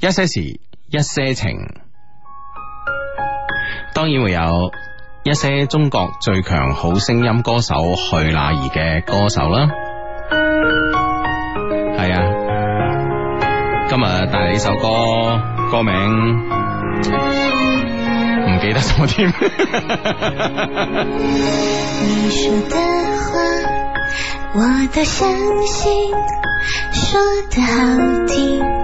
一些時，一些情，當然會有一些中國最強好聲音歌手去哪兒嘅歌手啦。係 啊，今日帶嚟呢首歌，歌名唔記得咗添。 你說的話，我都相信，說得好聽。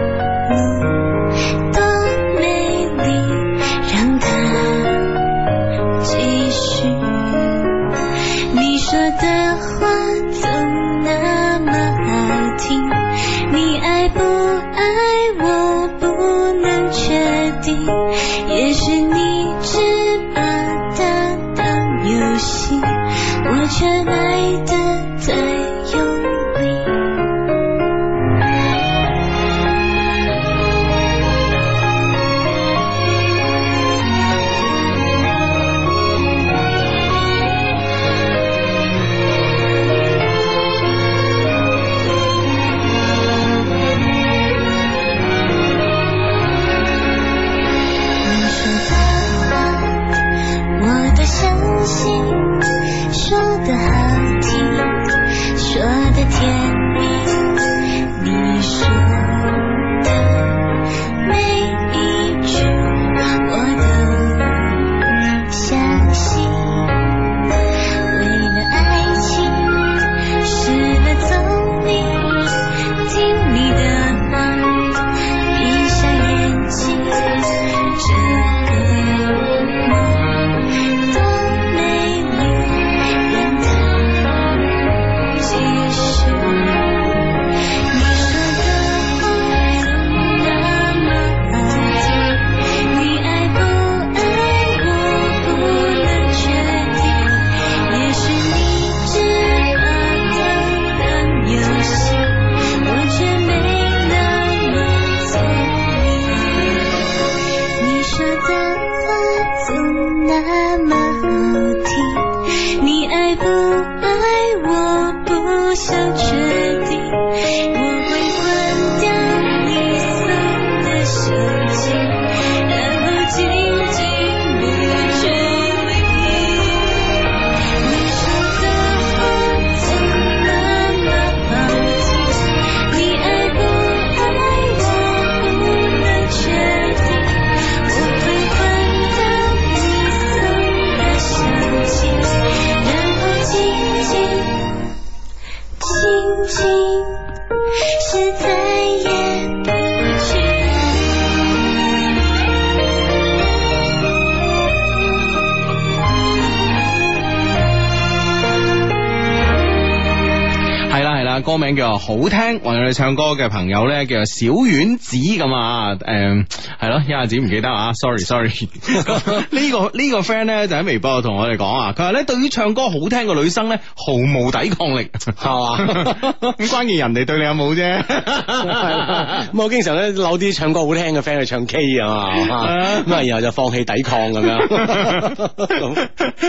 好聽，為我哋唱歌嘅朋友咧，叫做小丸子咁啊，誒、嗯。係咯，一下子唔記得啊、嗯、Sorry，Sorry， 這個這個，呢個呢個 friend 咧就喺微博度同我哋講，佢話咧對於唱歌好聽嘅女生咧毫無抵抗力，係嘛呵吧？咁關鍵人哋對你有冇啫？咁 了 我經常咧扭啲唱歌好聽嘅 friend 去唱 K 啊嘛，咁啊然後就放棄抵抗咁樣，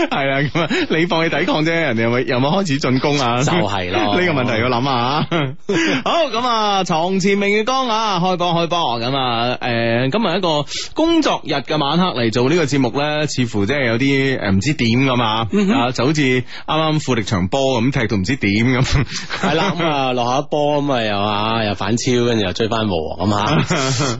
係啊咁，你放棄抵抗啫，pumped，人哋有冇有冇開始進攻啊？就係咯，呢個問題要諗啊！ 好咁，床前明月光啊，開波開波咁誒咁。咁啊一個工作日嘅晚黑嚟做呢個節目咧，似乎即係有啲誒唔知點噶嘛，就好似啱啱富力場波咁踢， 到唔知點咁係啦。咁落下一波咁啊，又啊又反超，跟住又追翻和咁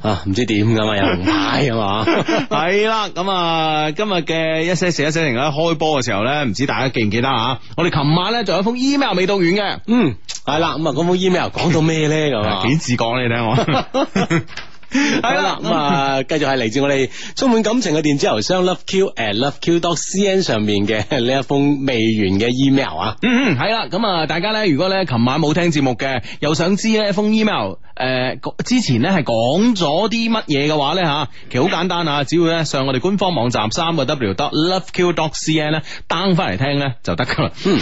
啊，唔知點噶嘛，又紅牌噶嘛，係啦。咁啊，今日嘅一些事一些情咧開波嘅時候咧，唔知大家記唔記得啊？我哋琴晚咧仲有一封 email 未到完嘅，嗯係啦。咁啊嗰封 email 講到咩咧咁啊？幾次講你聽我。 係啦，咁啊，繼續係嚟自我哋充滿感情嘅電子郵箱 Love Q at Love Q dot C N 上面嘅呢一封未完嘅 email 啊，嗯嗯，係啦，咁啊大家咧，如果咧琴晚冇聽節目嘅，又想知呢一封 email，誒、呃，之前咧係講咗啲乜嘢嘅話咧吓，其實好簡單啊，只要咧上我哋官方網站三個 W dot Love Q dot C N 咧，down 翻嚟聽咧就得噶啦，嗯，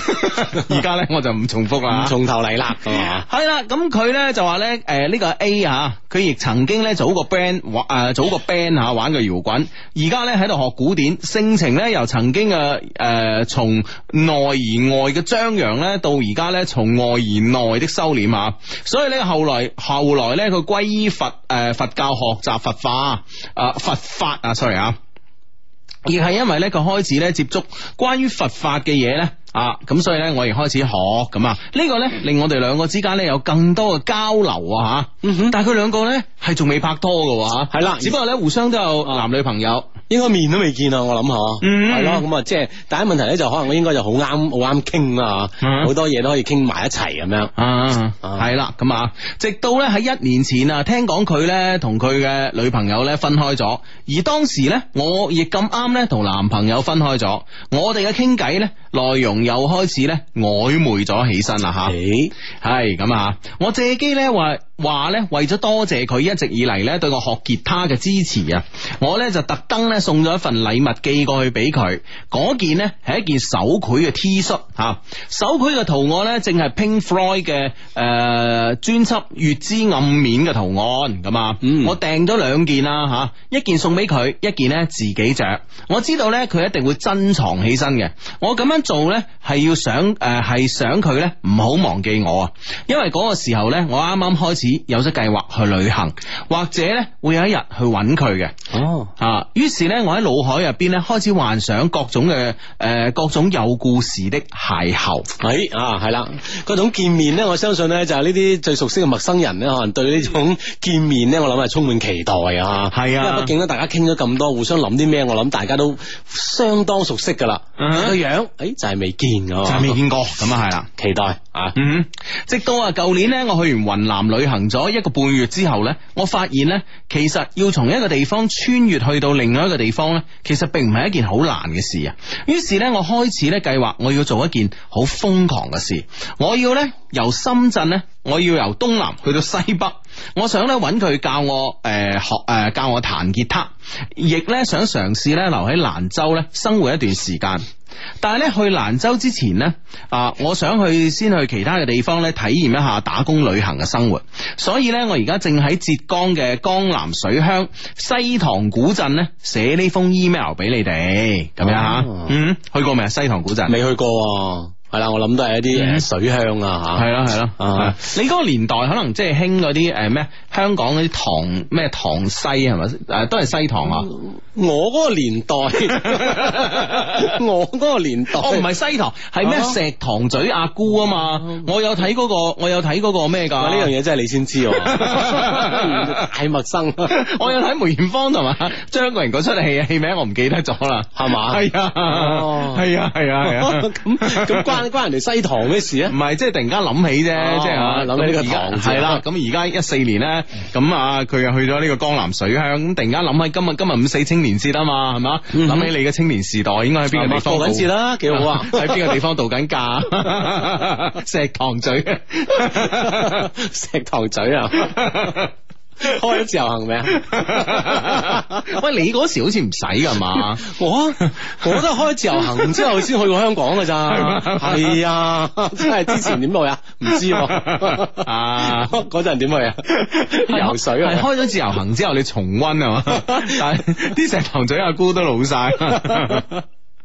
而家咧我就唔重複啦，唔從頭嚟啦，係 嘛，係啦，咁佢咧就話咧，誒、呃，呢、這個 A 啊，佢亦曾經咧。組個 band、呃早 band 啊，玩、誒，組個 band 吓玩個搖滾。而家咧喺度學古典，性情咧由曾經嘅誒從內而外嘅張揚咧，到而家咧從外而內的收斂啊。所以咧後來後來咧佢皈依佛誒，呃，佛教學習佛法啊，佛法啊，sorry 啊，亦係因為咧佢開始咧接觸關於佛法嘅嘢咧。啊，咁所以咧，我亦開始學咁啊，這個、呢個咧令我哋兩個之間咧有更多嘅交流啊吓。嗯、哼但係佢兩個咧係仲未拍拖噶吓，係、啊、啦，了只不過咧互相都有男女朋友，啊、應該面都未見啊，我諗下，嗯，嗯，係咯，咁即係第一問題咧，就可能應該就好啱，好啱傾啦，好多嘢都可以傾埋一齊咁樣。啊，係啦、啊，咁啊，直到咧喺一年前啊，聽講佢咧同佢嘅女朋友咧分開咗，而當時咧我亦咁啱咧同男朋友分開咗，我哋嘅傾偈咧內容。又開始咧曖昧咗起身啦吓，係咁啊！ 我借機咧話話咧，為咗多謝佢一直以嚟咧對我學吉他嘅支持啊，我咧就特登咧送咗一份禮物寄過去俾佢。嗰件呢係一件手繪嘅 T 恤吓、啊，手繪嘅圖案呢，正係 Pink Floyd 嘅誒專輯《呃、月之暗面》嘅圖案咁、嗯、啊。我訂咗兩件啦吓，一件送俾佢，一件呢自己着。我知道咧佢一定會珍藏起身嘅。我咁樣做咧。呢係要想誒，係、呃、想佢咧唔好忘記我啊！因為嗰個時候咧，我啱啱開始有咗計劃去旅行，或者咧會有一日去搵佢嘅哦。啊，於是咧我喺腦海入邊咧開始幻想各種嘅誒、呃，各種有故事的邂逅。係啊，係啦，嗰種見面咧，我相信咧就係呢啲最熟悉嘅陌生人咧，可能對呢種見面咧，我諗係充滿期待啊！係啊的，因為畢竟咧大家傾咗咁多，互相諗啲咩，我諗大家都相當熟悉噶啦，個、嗯嗯、樣誒、哎、就係、是、未。見就未見過咁啊，係啦，期待啊，嗯，直到啊舊年呢，我去完雲南旅行咗一個半月之後呢，我發現呢，其實要從一個地方穿越去到另外一個地方呢，其實並唔係一件好難嘅事啊。於是呢，我開始呢計劃我要做一件好瘋狂嘅事，我要呢由深圳呢，我要由東南去到西北，我想呢，揾佢教我誒、呃、學誒教我彈吉他，亦呢，想嘗試呢，留喺蘭州呢生活一段時間。但係咧，去蘭州之前咧，啊，我想去先去其他嘅地方咧，體驗一下打工旅行嘅生活。所以咧，我而家正喺浙江嘅江南水鄉西塘古鎮咧，寫呢封 email 俾你哋，咁樣吓。嗯，去過未啊？西塘古鎮？未去過，啊。係啦，我諗都係一啲水鄉啊，吓，係咯，係咯。你嗰個年代可能即係興嗰啲誒咩？香港嗰啲唐咩唐西係咪？誒，都係西塘啊！我嗰個年代，我嗰個年代哦，唔係西塘，係咩？石塘嘴阿姑啊嘛！我有睇嗰個，我有睇嗰個咩噶？呢樣嘢真係你先知，太陌生。我有睇梅艷芳係嘛？張國榮嗰出戲戲名我唔記得咗啦，係嘛？係啊，係啊，係啊，咁咁關。關人哋西塘咩事啊？唔係，即係突然間諗起啫，哦、即係諗起呢個塘。係啦，咁而家一四年咧，咁啊、嗯，佢又去咗呢個江南水鄉。咁突然間諗起今日今日五四青年節啊嘛，係嘛？諗、嗯、起你嘅青年時代，應該喺邊個地方度緊節啦？幾好喺邊個地方度緊假？石塘咀，石塘咀啊！開咗自由行未？ 喂，你嗰時好似唔使噶嘛？我我都係開自由行之後先去過香港噶咋，係啊，即係之前點去啊？唔知啊，嗰陣點去？啊？ 游水啊？係是 開咗自由行之後，你重溫啊嘛？ 但係啲石塘咀阿姑都老晒。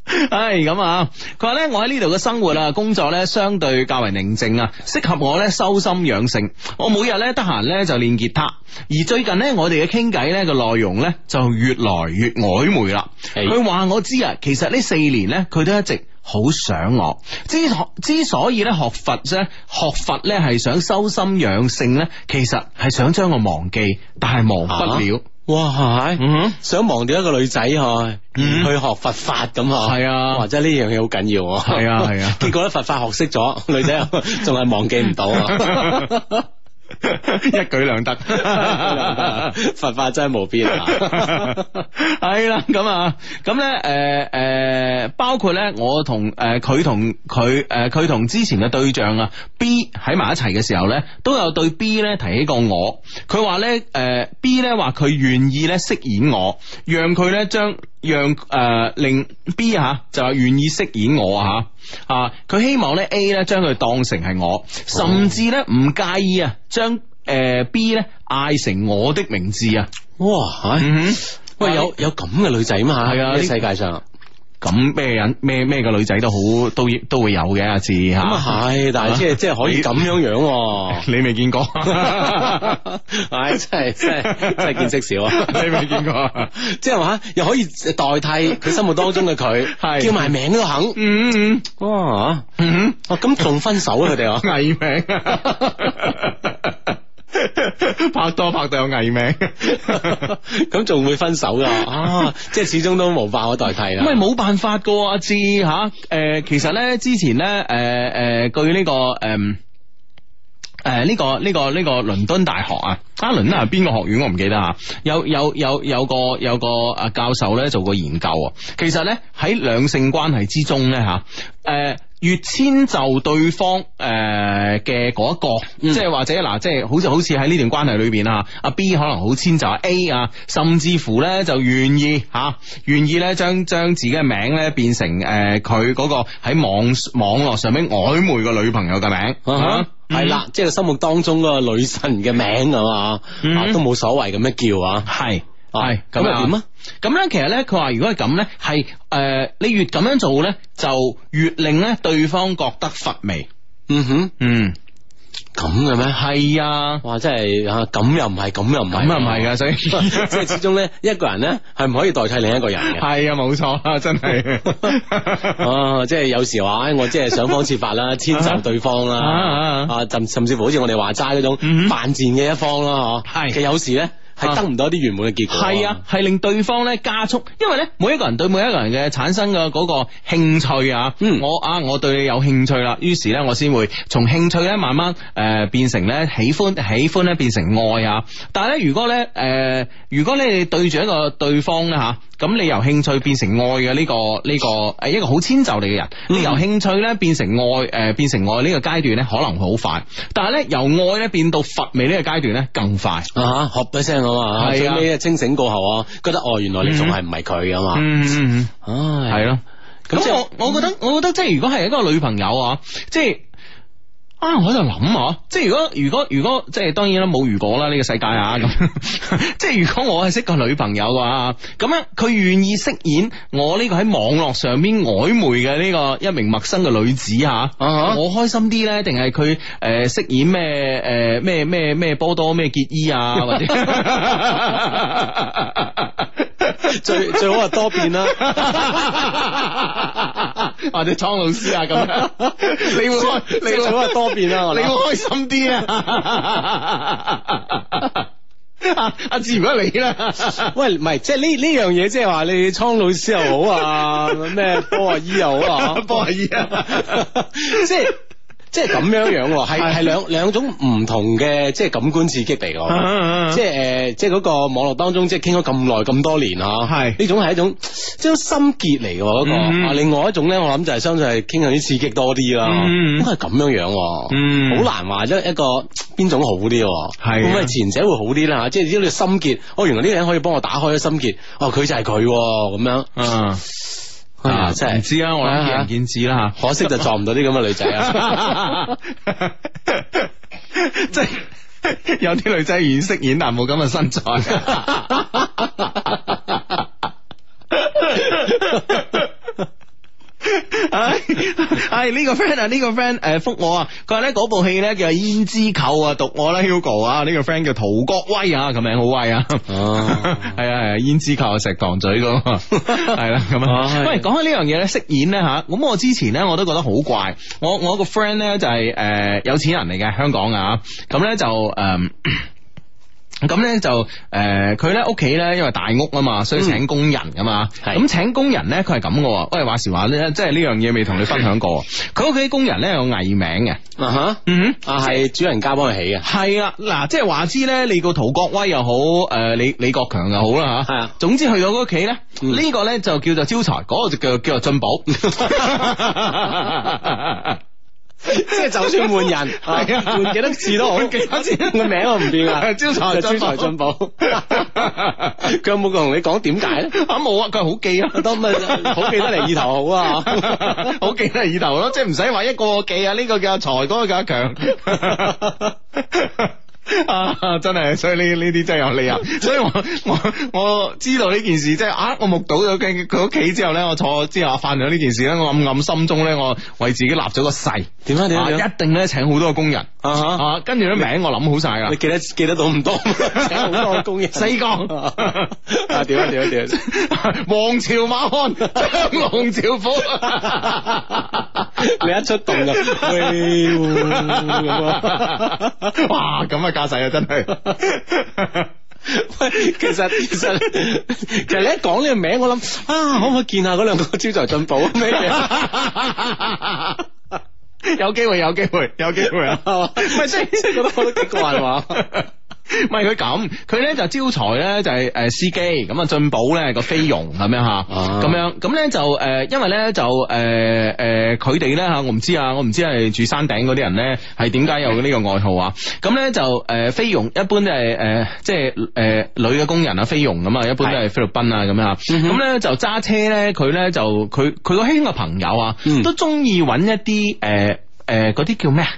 係咁，哎、啊，佢話咧我喺呢度嘅生活啊，工作咧相對較為寧靜啊，適合我咧修心養性。我每日咧得閒咧就練吉他。而最近咧，我哋嘅傾偈咧嘅內容咧就越來越曖昧啦。佢話是我知啊，其實呢四年咧，佢都一直好想我。之學之所以咧學佛啫，學佛咧係想修心養性咧，其實係想將我忘記，但係忘不了。哇，係、嗯、哼想忘掉一個女仔去、啊、去學佛法咁，係啊，或者呢樣嘢好緊要，係啊，係啊，啊啊啊 結果咧佛法學識咗，女仔仲係忘記唔到、啊。 一舉兩得，佛法真係無邊 啊！係啦，咁、呃、啊，咁咧，誒誒，包括咧，我同誒佢同佢誒佢同之前嘅對象啊 B 喺埋一齊嘅時候咧，都有對 B 咧提起過我，佢話咧，誒、呃、B 咧話佢願意咧飾演我，讓佢咧將讓誒、呃、令 B 吓、啊、就話願意飾演我吓。啊啊！佢希望咧，A 咧將佢當成係我，甚至咧唔介意啊，將誒 B 咧嗌成我的名字啊！哇！嗯、哼喂，但 有有咁嘅女仔啊嘛？係啊的，這個、世界上。咁咩人咩咩個女仔都好都都會有嘅阿志吓咁係，但係即係、啊、即係可以咁樣樣、啊，你未見過、啊，唉、 哎，真係真係真係見識少、啊，你未見過，即係話又可以代替佢心目當中嘅佢， 是叫埋名都肯，嗯嗯，哇、嗯，嗯咁仲分手啊？佢哋、 啊，藝 名、啊。 拍拖拍到有藝名，咁 仲 會分手噶？啊，即係始終都無法可代替啦。喂，冇辦法噶，阿志吓，誒、啊呃，其實咧之前咧，誒、呃、誒、呃，據呢個誒誒呢個呢個呢個倫敦大學啊，阿倫啊邊個學院我唔記得吓，有有有有個有個阿教授咧做過研究，啊。其實咧喺兩性關係之中咧吓，誒。越遷就對方誒嘅嗰一個，嗯、即係或者嗱，即係好似好似喺呢段關係裏邊啊，阿 B 可能好遷就阿 A 啊，甚至乎咧就願意吓，願、啊、願意咧將將自己嘅名咧變成誒佢嗰個喺網網絡上邊曖昧個女朋友嘅名，係啦，即係心目當中嗰個女神嘅名、嗯、噉啊，都冇所謂咁樣叫啊，係。係咁又點啊？咁咧，嗯嗯、其實咧，佢話如果係咁咧，係誒，你越咁樣做咧，就越令咧對方覺得乏味。嗯哼，嗯，咁嘅咩？係啊，哇，真係咁又唔係，咁又唔係，咁啊唔係噶，所以、啊、即係始終咧，一個人咧係唔可以代替另一個人嘅。係 啊，冇錯，真係、啊。啊，即係有時話，我即係想方設法啦，遷就對方啦，甚甚至乎好似我哋話齋嗰種犯賤嘅一方咯，嗬。係，其實有時咧。係得唔到一啲完滿嘅結果，係啊，係、啊、令對方咧加速，因為咧每一個人對每一個人嘅產生嘅嗰個興趣啊，嗯，我啊我對你有興趣啦，於是咧我先會從興趣咧慢慢誒、呃、變成咧喜歡，喜歡咧變成愛啊，但係咧如果咧誒、呃、如果咧你對住一個對方咧吓。啊咁你由興趣變成愛嘅呢、這個呢、這個誒一個好遷就你嘅人，嗯、你由興趣咧變成愛誒、呃、變成愛呢個階段咧可能好快，但係咧由愛咧變到乏味呢個階段咧更快吓，學、啊、一聲啊，嘛，最屘啊清醒過後，覺得哦原來你仲係唔係佢啊嘛，嗯嗯，嗯唉係咯，咁、啊、就我我覺得、嗯、我覺得即係如果係一個女朋友啊，即係。啊，我就諗啊，即係如果如果如果，即係當然啦，冇如果啦，呢個世界咁。即係如果我係識個女朋友嘅，咁樣佢願意飾演我呢個喺網絡上邊曖昧嘅呢個一名陌生嘅女子吓，啊、啊啊我開心啲咧，定係佢誒飾演咩誒咩咩咩波多咩結衣啊？或者？ 最最好係多變啦， 或者蒼老師啊咁樣，你你最好係多變啊，你開心啲啊，阿志如果你啦，喂唔係即係呢呢樣嘢即係話你蒼老師又好啊，咩 波阿姨又好啊， 波阿姨啊， 即係。即係咁樣樣，係係兩兩種唔同嘅即係感官刺激嚟，即係誒，即係嗰個網絡當中即係傾咗咁耐咁多年啊。係呢是種係一種即係心結嚟嘅嗰個，另外一種咧，我諗就係相信係傾向啲刺激多啲啦。應該係咁樣樣，嗯，好難話一一個邊種好啲，會唔會係、啊、前者會好啲啦？即係你心結，哦，原來呢個人可以幫我打開咗心結，哦，佢就係佢咁樣。啊啊，真係唔知啊，我見仁見智啦吓，可惜就撞唔到啲咁嘅女仔啊，即係有啲女仔演色演男，冇咁嘅身材啊。 係係呢個 friend 啊呢個 friend 誒、呃、覆我啊，佢話咧嗰部戲咧叫胭脂扣啊，讀我啦 Hugo 啊呢、這個 friend 叫陶國威啊，個名好威啊。係啊係胭脂扣石塘咀，咁係啦，咁啊喂講開呢樣嘢，咧飾演咧吓，咁我之前咧我都覺得好怪，我我個 friend 咧就係、是、誒、呃、有錢人嚟嘅香港啊，咁咧就誒。呃咁咧就誒，佢咧屋企咧因為大屋啊嘛，所以請工人啊嘛。咁請工人咧，佢係咁嘅喎，我係話時話咧，即係呢樣嘢未同你分享過。佢屋企啲工人咧有藝名嘅，啊哈，嗯哼，係主人家幫佢起嘅。係啦、嗯，嗱、啊，即係話知咧，你個陶國威又好，誒、呃，李李國強又好啦吓、啊啊嗯。總之去咗屋企咧，呢、這個咧就叫做招財，嗰、那個就叫叫做進寶。 即係就算換人，係換幾多次都好，幾 多次 次個名我唔變啊！招財進財，進寶。佢有冇同你講點解咧？啊冇啊，佢好記啊，都好記得嚟，意頭好，啊，好記得嚟、啊，意 頭咯，即係唔使話一個個記啊，呢、這個叫財多，這個、叫強。 啊，真係，所以呢呢啲真係有理由。所以我我我知道呢件事，即係啊，我目睹咗佢屋企之後咧，我坐之後犯咗呢件事咧，我暗暗心中咧，我為自己立咗個誓。點啊點啊，啊，一定咧請好多個工人。Uh huh. 啊，跟住啲名我諗好晒啦，你記得記得到咁多，好 多工業，西江岡，屌 啊屌啊屌！啊啊啊 王朝馬漢，張 龍趙虎！ 你一出動就威咁啊！哇！咁啊架勢啊，真係。喂， 其實其實其實你一講呢個名，我諗啊，可唔可以見下嗰兩個招財進寶咩嘢？ 有機會，有機會，有機會啊，係嘛？唔係，即即覺得覺得幾過癮係嘛？唔係佢咁，佢咧 就招財咧就係誒司機咁啊，進寶咧個菲傭咁樣吓，咁樣咁咧就誒，因為咧就誒誒，佢哋咧吓，我唔知啊，我唔知係住山頂嗰啲人咧係點解有呢個愛好啊？咁咧就誒菲傭一般都係誒、呃、即係誒、呃、女嘅工人啊，菲傭咁啊，一般都係菲律賓啊咁樣，咁咧就揸車咧，佢咧就佢佢個兄嘅朋友啊，都中意搵一啲誒誒嗰啲叫咩啊？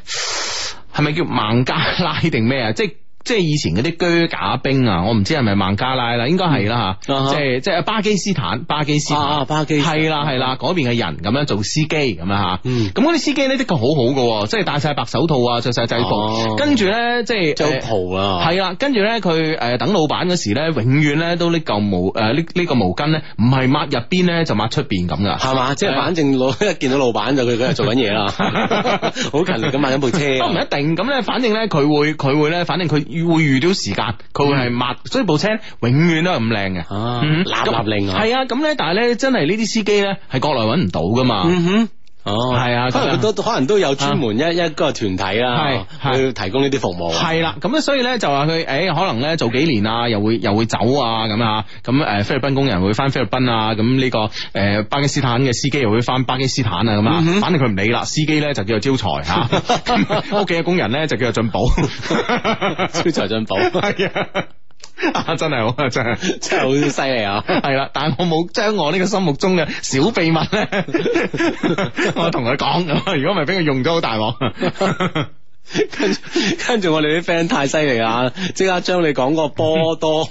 係咪叫孟加拉定咩啊？即係。即係以前嗰啲居假兵啊，我唔知係咪孟加拉啦，應該係啦吓，即係即係巴基斯坦、巴基斯坦、巴基，係啦係啦，嗰邊嘅人咁樣做司機咁樣吓。咁嗰啲司機呢，的確好好嘅，即係戴晒白手套、啊，着晒制服，跟住咧即係做徒啊。係啦，跟住咧佢誒等老闆嗰時咧，永遠咧都呢嚿毛誒呢呢個毛巾咧，唔係抹入邊咧就抹出邊咁噶，係嘛？即係反正老見到老闆就佢嗰日做緊嘢啦，好勤力咁抹緊部車。都唔一定咁咧，反正咧佢會佢會咧，反正佢。會遇到時間，佢會係抹，嗯、所以部車永遠都係咁靚嘅，啊嗯、立立令係啊，咁咧、嗯啊，但係咧，真係呢啲司機咧，係國內揾唔到噶嘛。嗯哼。哦，係啊，可能都可能都有專門一一個團體啊，去提供呢啲服務。係啦，咁咧，所以咧就話佢，誒，可能咧做幾年又會又會走啊，咁咁誒菲律賓工人會翻菲律賓啊，咁呢個誒巴基斯坦嘅司機又會翻巴基斯坦啊，咁啊，反正佢唔理啦。司機咧就叫做招財吓，咁屋企嘅工人咧就叫做進寶，招財進寶。啊，真係好， 啊，真係真係好犀利啊！係啦，但係我冇將我呢個心目中嘅小秘密咧， 我同佢講，如果唔係俾佢用咗好大鑊。 跟跟住我哋啲 friend 太犀利啦，即刻將你講個波多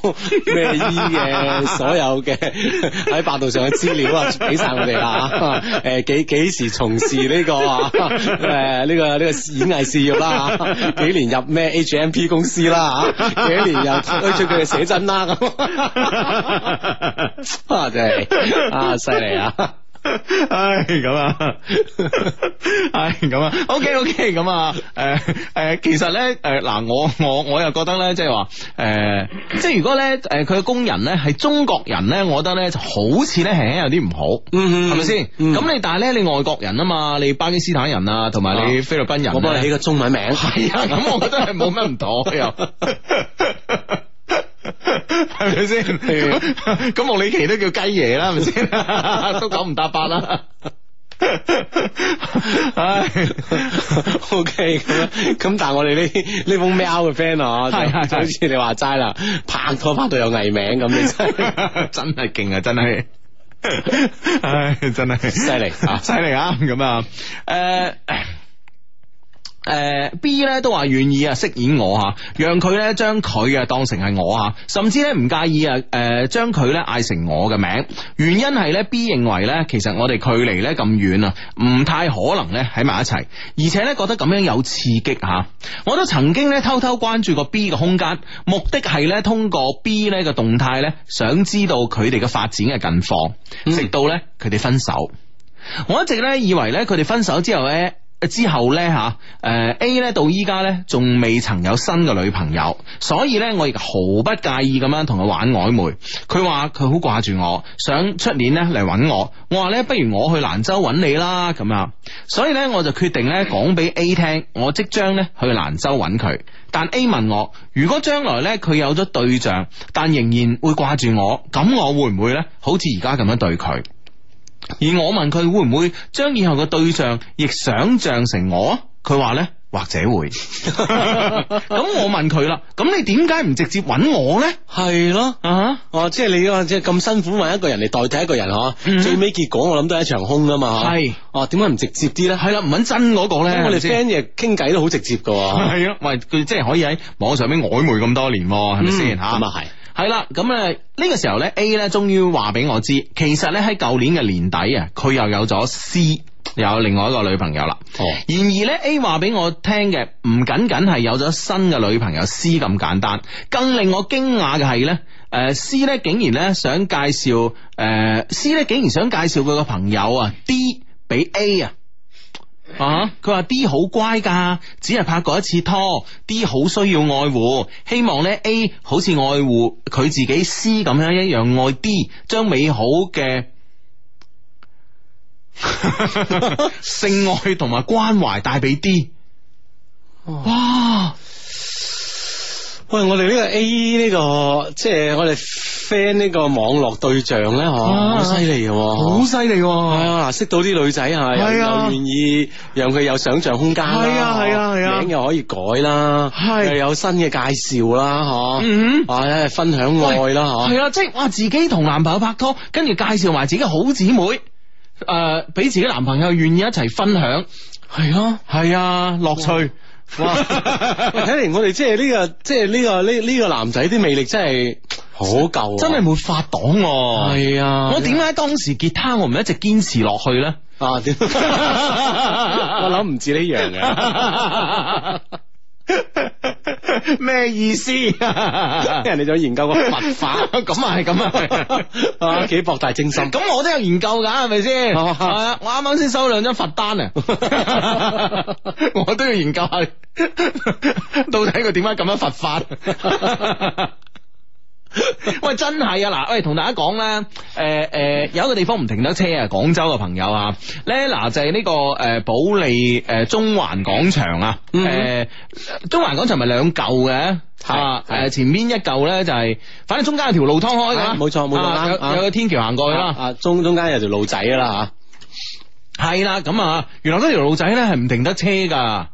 咩衣嘅所有嘅喺百度上嘅資料啊，俾晒我哋吓，誒幾幾時從事呢、呢個誒呢、啊呢個呢、呢個演藝事業啦、啊？幾年入咩 HMP 公司啦、啊？幾年又推出佢嘅寫真啦？咁真係啊，犀利啊！ 唉咁啊， 唉咁啊，OK OK 咁啊，誒誒，其實咧，誒、呃、嗱，我我我又覺得咧，即係話，誒，即係如果咧，誒，佢嘅工人咧係中國人咧，我覺得咧就是呃呢呃、呢呢得呢好似咧係有啲唔好，嗯係咪先？咁你吧、嗯、但係咧，你外國人啊嘛，你巴基斯坦人啊，同埋你菲律賓人，我幫你起個中文名，係 啊，咁、啊、我覺得係冇乜唔妥又。 係咪先？咁莫里奇都叫雞爺啦，係咪先？都九唔搭八啦。唉，OK，咁樣、咁，但係我哋呢呢封喵嘅 friend 啊，係就，好似你話齋啦，拍拖拍到有藝名咁，你真係勁啊！真係，唉、哎，真係犀利啊！犀利啊！咁、哎、啊，誒。誒，B 咧都話願意啊，飾演我吓，讓佢咧將佢啊當成係我吓，甚至咧唔介意啊，誒將佢咧嗌成我嘅名。原因係咧，B 認為咧，其實我哋距離咧咁遠啊，唔太可能咧喺埋一齊，而且咧覺得咁樣有刺激吓。我都曾經咧偷偷關注過 B 嘅空間，目的係咧通過 B 呢個動態咧，想知道佢哋嘅發展嘅近況，直到咧佢哋分手。嗯、我一直咧以為咧，佢哋分手之後咧。之後呢吓，誒、啊、A 咧到依家呢，仲未曾有新嘅女朋友，所以咧我亦毫不介意咁樣同佢玩曖昧。佢話佢好掛住我，想出年呢嚟搵我。我話呢，不如我去蘭州搵你啦咁啊。所以呢，我就決定呢講俾 A 聽，我即將呢去蘭州搵佢。但 A 問我，如果將來呢，佢有咗對象，但仍然會掛住我，咁我會唔會呢？好似而家咁樣對佢？而我問佢會唔會將以後嘅對象亦想象成我？佢話咧，或者會。咁我問佢啦，咁你點解唔直接搵我咧？係咯，啊，哦，啊，即係你話即係咁辛苦搵一個人嚟代替一個人，嗬，啊，嗯，最尾結果我諗都係一場空噶嘛，係，哦，啊，點解唔直接啲咧？係啦，唔搵真嗰個咧，咁我哋 friend 嘅傾偈都好直接噶，係啊，喂，佢即係可以喺網上邊曖昧咁多年，係咪先吓？咁啊係。嗯嗯嗯係啦，咁呢、呢個時候咧，A 咧終於話俾我知，其實咧喺舊年嘅年底啊，佢又有咗 C，有另外一個女朋友啦。哦。然而咧，A 話俾我聽嘅唔僅僅係有咗新嘅女朋友 C 咁簡單，更令我驚訝嘅係咧，誒、呃、C 咧竟然咧想介紹，誒 C 咧竟然想介紹佢個、呃、朋友啊 D 俾 A 啊。佢話、uh huh? D 好乖噶，只係拍過一次拖，D 好需要愛護，希望咧 A 好似愛護佢自己 C 咁樣一樣愛 D，將美好嘅 性愛同埋關懷帶俾 D。Oh. 哇！喂，我哋呢個 A 呢、e 呢個，即係我哋 friend 呢個網絡對象咧，嗬，好犀利嘅，好犀利，係啊，啊啊啊識到啲女仔係、啊、又願意讓佢有想象空間，係啊係啊係啊，啊啊名又可以改啦，係、啊、又有新嘅介紹啦，嗬、啊，啊，分享愛啦，嗬，係啊，即係話自己同男朋友拍拖，跟住介紹埋自己好姊妹，誒、呃，俾自己男朋友願意一齊分享，係啊，係啊，樂趣。哇！睇嚟我哋即係呢個，即係呢個呢呢個男仔啲魅力真係好夠，真係冇法擋。係啊，啊啊我點解當時吉他我唔一直堅持落去咧？啊， 我諗唔住呢樣嘅。咩 意思？人哋想研究個 佛法，咁啊係咁啊，幾 博大精深。咁 我都有研究噶，係咪先？係啊 ，uh，我啱啱先收兩張罰單啊，我都要研究下， 到底佢點解咁樣罰法？ 喂，真係啊！嗱，喂，同大家講啦，誒、呃、誒、呃，有一個地方唔停得車啊！廣州嘅朋友啊，咧、呃、嗱就係、是、呢、這個誒保、呃、利誒、呃、中環廣場啊，誒、呃、中環廣場咪兩舊嘅？係誒、呃、前面一舊咧就係、是，反正中間有條路劏開噶，冇錯冇錯，有錯有，有個天橋行過去啦、啊，中中間有條路仔啦吓，係啦，咁啊，原來嗰條路仔咧係唔停得車噶。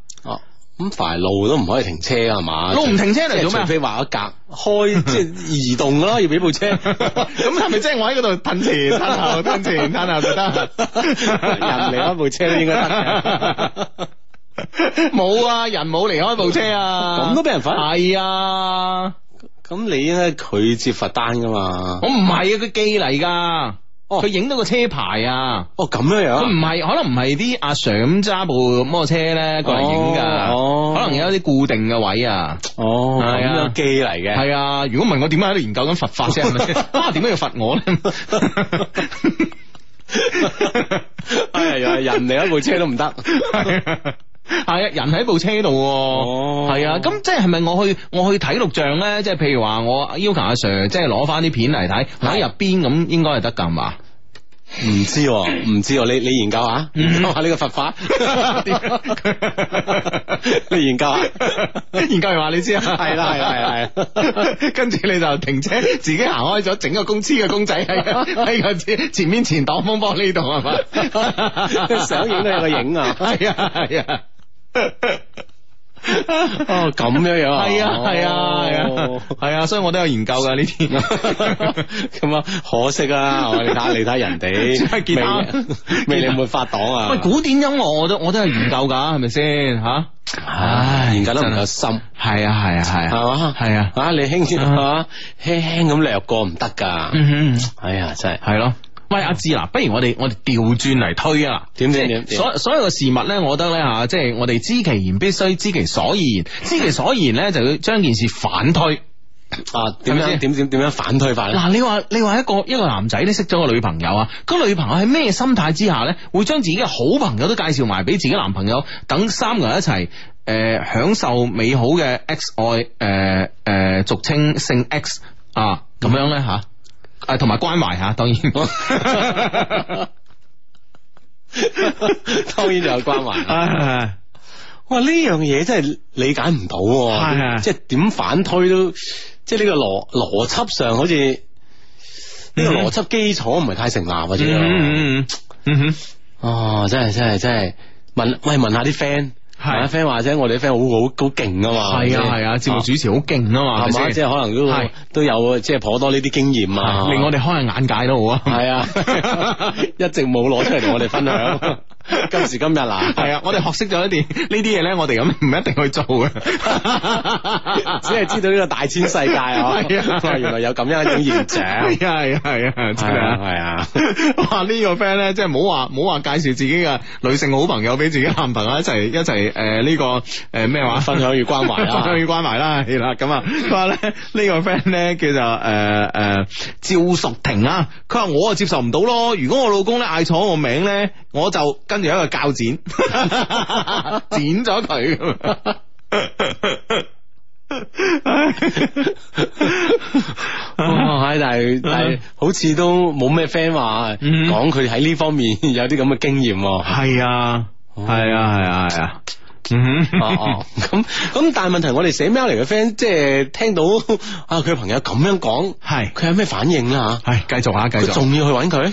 咁快路都唔可以停車係嘛？路唔停車嚟、就是、做咩？除非劃一格開，即、就、係、是、移動咯，要俾部車。咁係咪即係我喺嗰度褪前褪後褪前褪後就得？人離開部車都應該得。冇 啊，人冇離開部車啊，咁 都俾人罰？係啊，咁 你咧佢接罰單噶嘛？我唔係啊，佢寄嚟噶。佢影到個車牌啊！哦咁樣樣，佢唔係可能唔係啲阿 Sir 咁揸部摩托車咧過嚟影噶，可能有啲固定嘅位啊！哦，係啊機嚟嘅，係啊！如果唔係我點解喺度研究緊佛法啫？係咪？點解要罰我咧？哎呀，人嚟一部車都唔得，係啊，人喺部車度哦。係啊！咁即係咪我去我去睇錄像咧？即係譬如話我要求阿 Sir 即係攞翻啲片嚟睇喺入邊咁，應該係得噶嘛？唔知唔知，你你研究下呢個佛法，你研究下研究係嘛？你知係啦係啦係啦， 跟住你就停車，自己行開咗整個公司嘅公仔，係個前面前擋風玻璃呢度啊嘛， 你想影都有個影啊，係啊係啊。哦，咁 樣樣子啊？係啊，係啊，係啊，係啊，所以我都有研究噶呢啲。咁啊， 可惜啊，我哋睇下，你睇下人哋 未啱，未嚟冇發擋啊。 喂，古典音樂我都我都係研究噶，係咪先吓？唉，研究得唔夠深，係啊，係啊，係啊，係嘛，係啊，啊， 啊 啊啊你輕輕咁略過唔得噶。嗯哼 哎呀，真係，係咯。 喂，阿志嗱，嗯、不如我哋我哋調轉嚟推啊，點點點，所所有嘅事物咧，我覺得咧吓，即係我哋知其然，必須知其所以然。知其所以然咧就要將件事反推啊，點樣點點點樣反推法咧？嗱、啊，你話你話一個一個男仔咧識咗個女朋友啊，個女朋友喺咩心態之下咧，會將自己嘅好朋友都介紹埋俾自己男朋友，等三個人一齊誒、呃、享受美好嘅 X 愛誒誒、呃呃，俗稱性，性 X 啊，咁、啊、樣咧吓？啊誒，同埋、啊、關懷吓，當然， 當然就有關懷。 哇，呢樣嘢真係理解唔到，係即係點反推都，即係呢個邏邏輯上好似呢、呢個邏輯基礎唔係太成立啊，真係、 嗯。嗯嗯哼， 哦，真係真係真係，問喂問，問，問下啲 friend。係啊，friend 話啫，我哋啲 friend 好好好勁啊嘛，係啊係啊，節目主持好勁啊嘛，係嘛，即係可能都都有即係頗多呢啲經驗啊，令我哋開下眼界都好啊，係啊，一直冇攞出嚟同我哋分享。今時今日嗱，係啊 對，的我哋學識咗呢啲呢啲嘢咧， 我哋咁唔一定去做嘅， 只係知道呢個大千世界。係啊，是的 原來有咁樣一種現象。係啊係啊，係啊係啊。話呢 個 friend 咧，即係冇話冇話介紹自己嘅女性好朋友俾自己男朋友一齊一齊誒呢個誒咩、呃、話分享要關懷啦， 分享與關懷啦。係啦，咁、嗯、啊。佢話咧呢、這個 friend 咧叫做誒誒趙淑婷啊。佢話我啊接受唔到咯，如果我老公咧嗌錯我名咧，我就。跟住一個鉸剪，剪咗佢。哇！但係 但係，好似都冇咩 friend 話講佢喺呢方面有啲咁嘅經驗。係、嗯、 啊，係啊，係啊，係啊。咁咁、 啊啊，但係問題我哋寫 mail 嚟嘅 friend，即係聽到啊佢朋友咁樣講，係佢是有咩反應啊？吓，係繼續啊，繼續、啊，仲繼續 要去揾佢。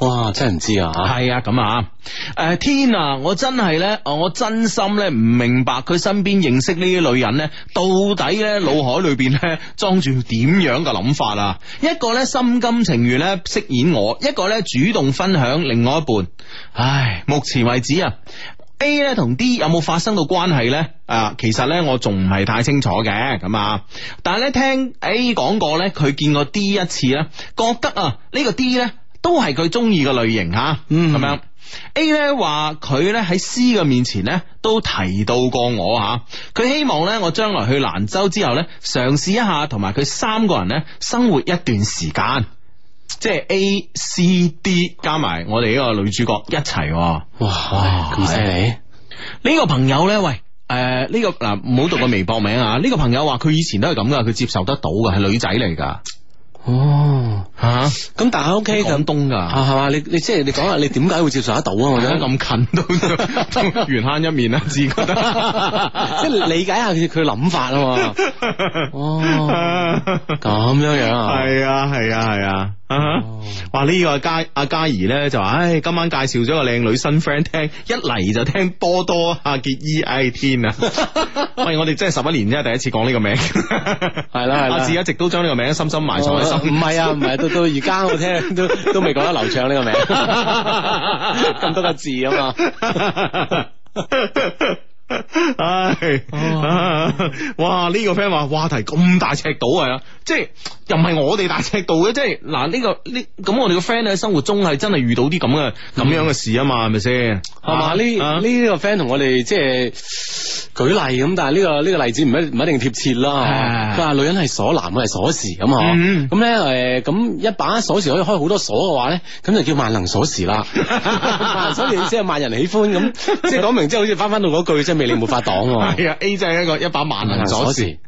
哇！真係唔知啊，係啊咁啊！誒、啊呃，天啊！我真係咧，我真心呢，唔明白佢身邊認識呢啲女人呢，到底呢腦海裏邊呢裝住點樣嘅諗法啊！一個呢心甘情願呢飾演我，一個呢主動分享另外一半。唉，目前為止啊，A 呢同 D 有冇發生到關係呢？啊、呃，其實呢，我仲唔係太清楚嘅。咁、啊，但係呢，聽 A 講過呢，佢見過 D 一次啦，覺得啊呢、這個 D 呢。都係佢中意嘅類型吓。嗯，咁樣 A 呢，話佢呢喺 C 嘅面前呢都提到過我吓，佢希望呢，我將來去蘭州之後呢，嘗試一下同埋佢三個人呢生活一段時間，即係 A、C、D 加埋我哋呢個女主角一齊。哇，咁犀利！呢 個朋友呢，喂，誒、呃，呢、這個嗱，唔好讀個微博名啊！呢、這個朋友話佢以前都係咁噶，佢接受得到噶，係女仔嚟噶。哦，吓咁但係喺屋企咁凍噶，係嘛？你你即係你講下你點解會接受得到啊？我、啊啊、覺得咁近都都懸慳一面啊，自己即係理解下佢佢諗法啊嘛。哦，咁樣樣啊，係啊，係啊，係啊。哇！啊這個、呢個嘉阿嘉怡咧就話，唉，今晚介紹咗個靚女新 friend 聽，一嚟，就聽波多阿杰伊，唉天啊！喂 我哋真係十一年啫，第一次講呢個名，係 啦，阿志一直都將呢個名深深埋藏喺心，唔係啊，唔係、啊、到到而家我聽都都未講得流暢呢個名，咁 多個字啊嘛。 唉、啊，哇！呢、這個 friend 話話題咁大尺度係啊！即係又唔係我哋大尺度嘅，即係嗱呢個呢咁我哋個 friend 喺生活中係真係遇到啲咁嘅咁樣嘅事啊嘛，係咪先？係嘛呢呢個 friend 同我哋即係舉例咁，但係呢個呢個例子唔一唔一定貼切啦。佢話女人係鎖男，係鎖匙咁啊，咁咧誒咁一把鎖匙可以開好多鎖嘅話咧，咁就叫萬能鎖匙啦。所以即係萬人喜歡咁，即係講明即係好似翻翻到嗰句，即係魅力無法擋。係啊，A 就係一個一把萬能鎖匙，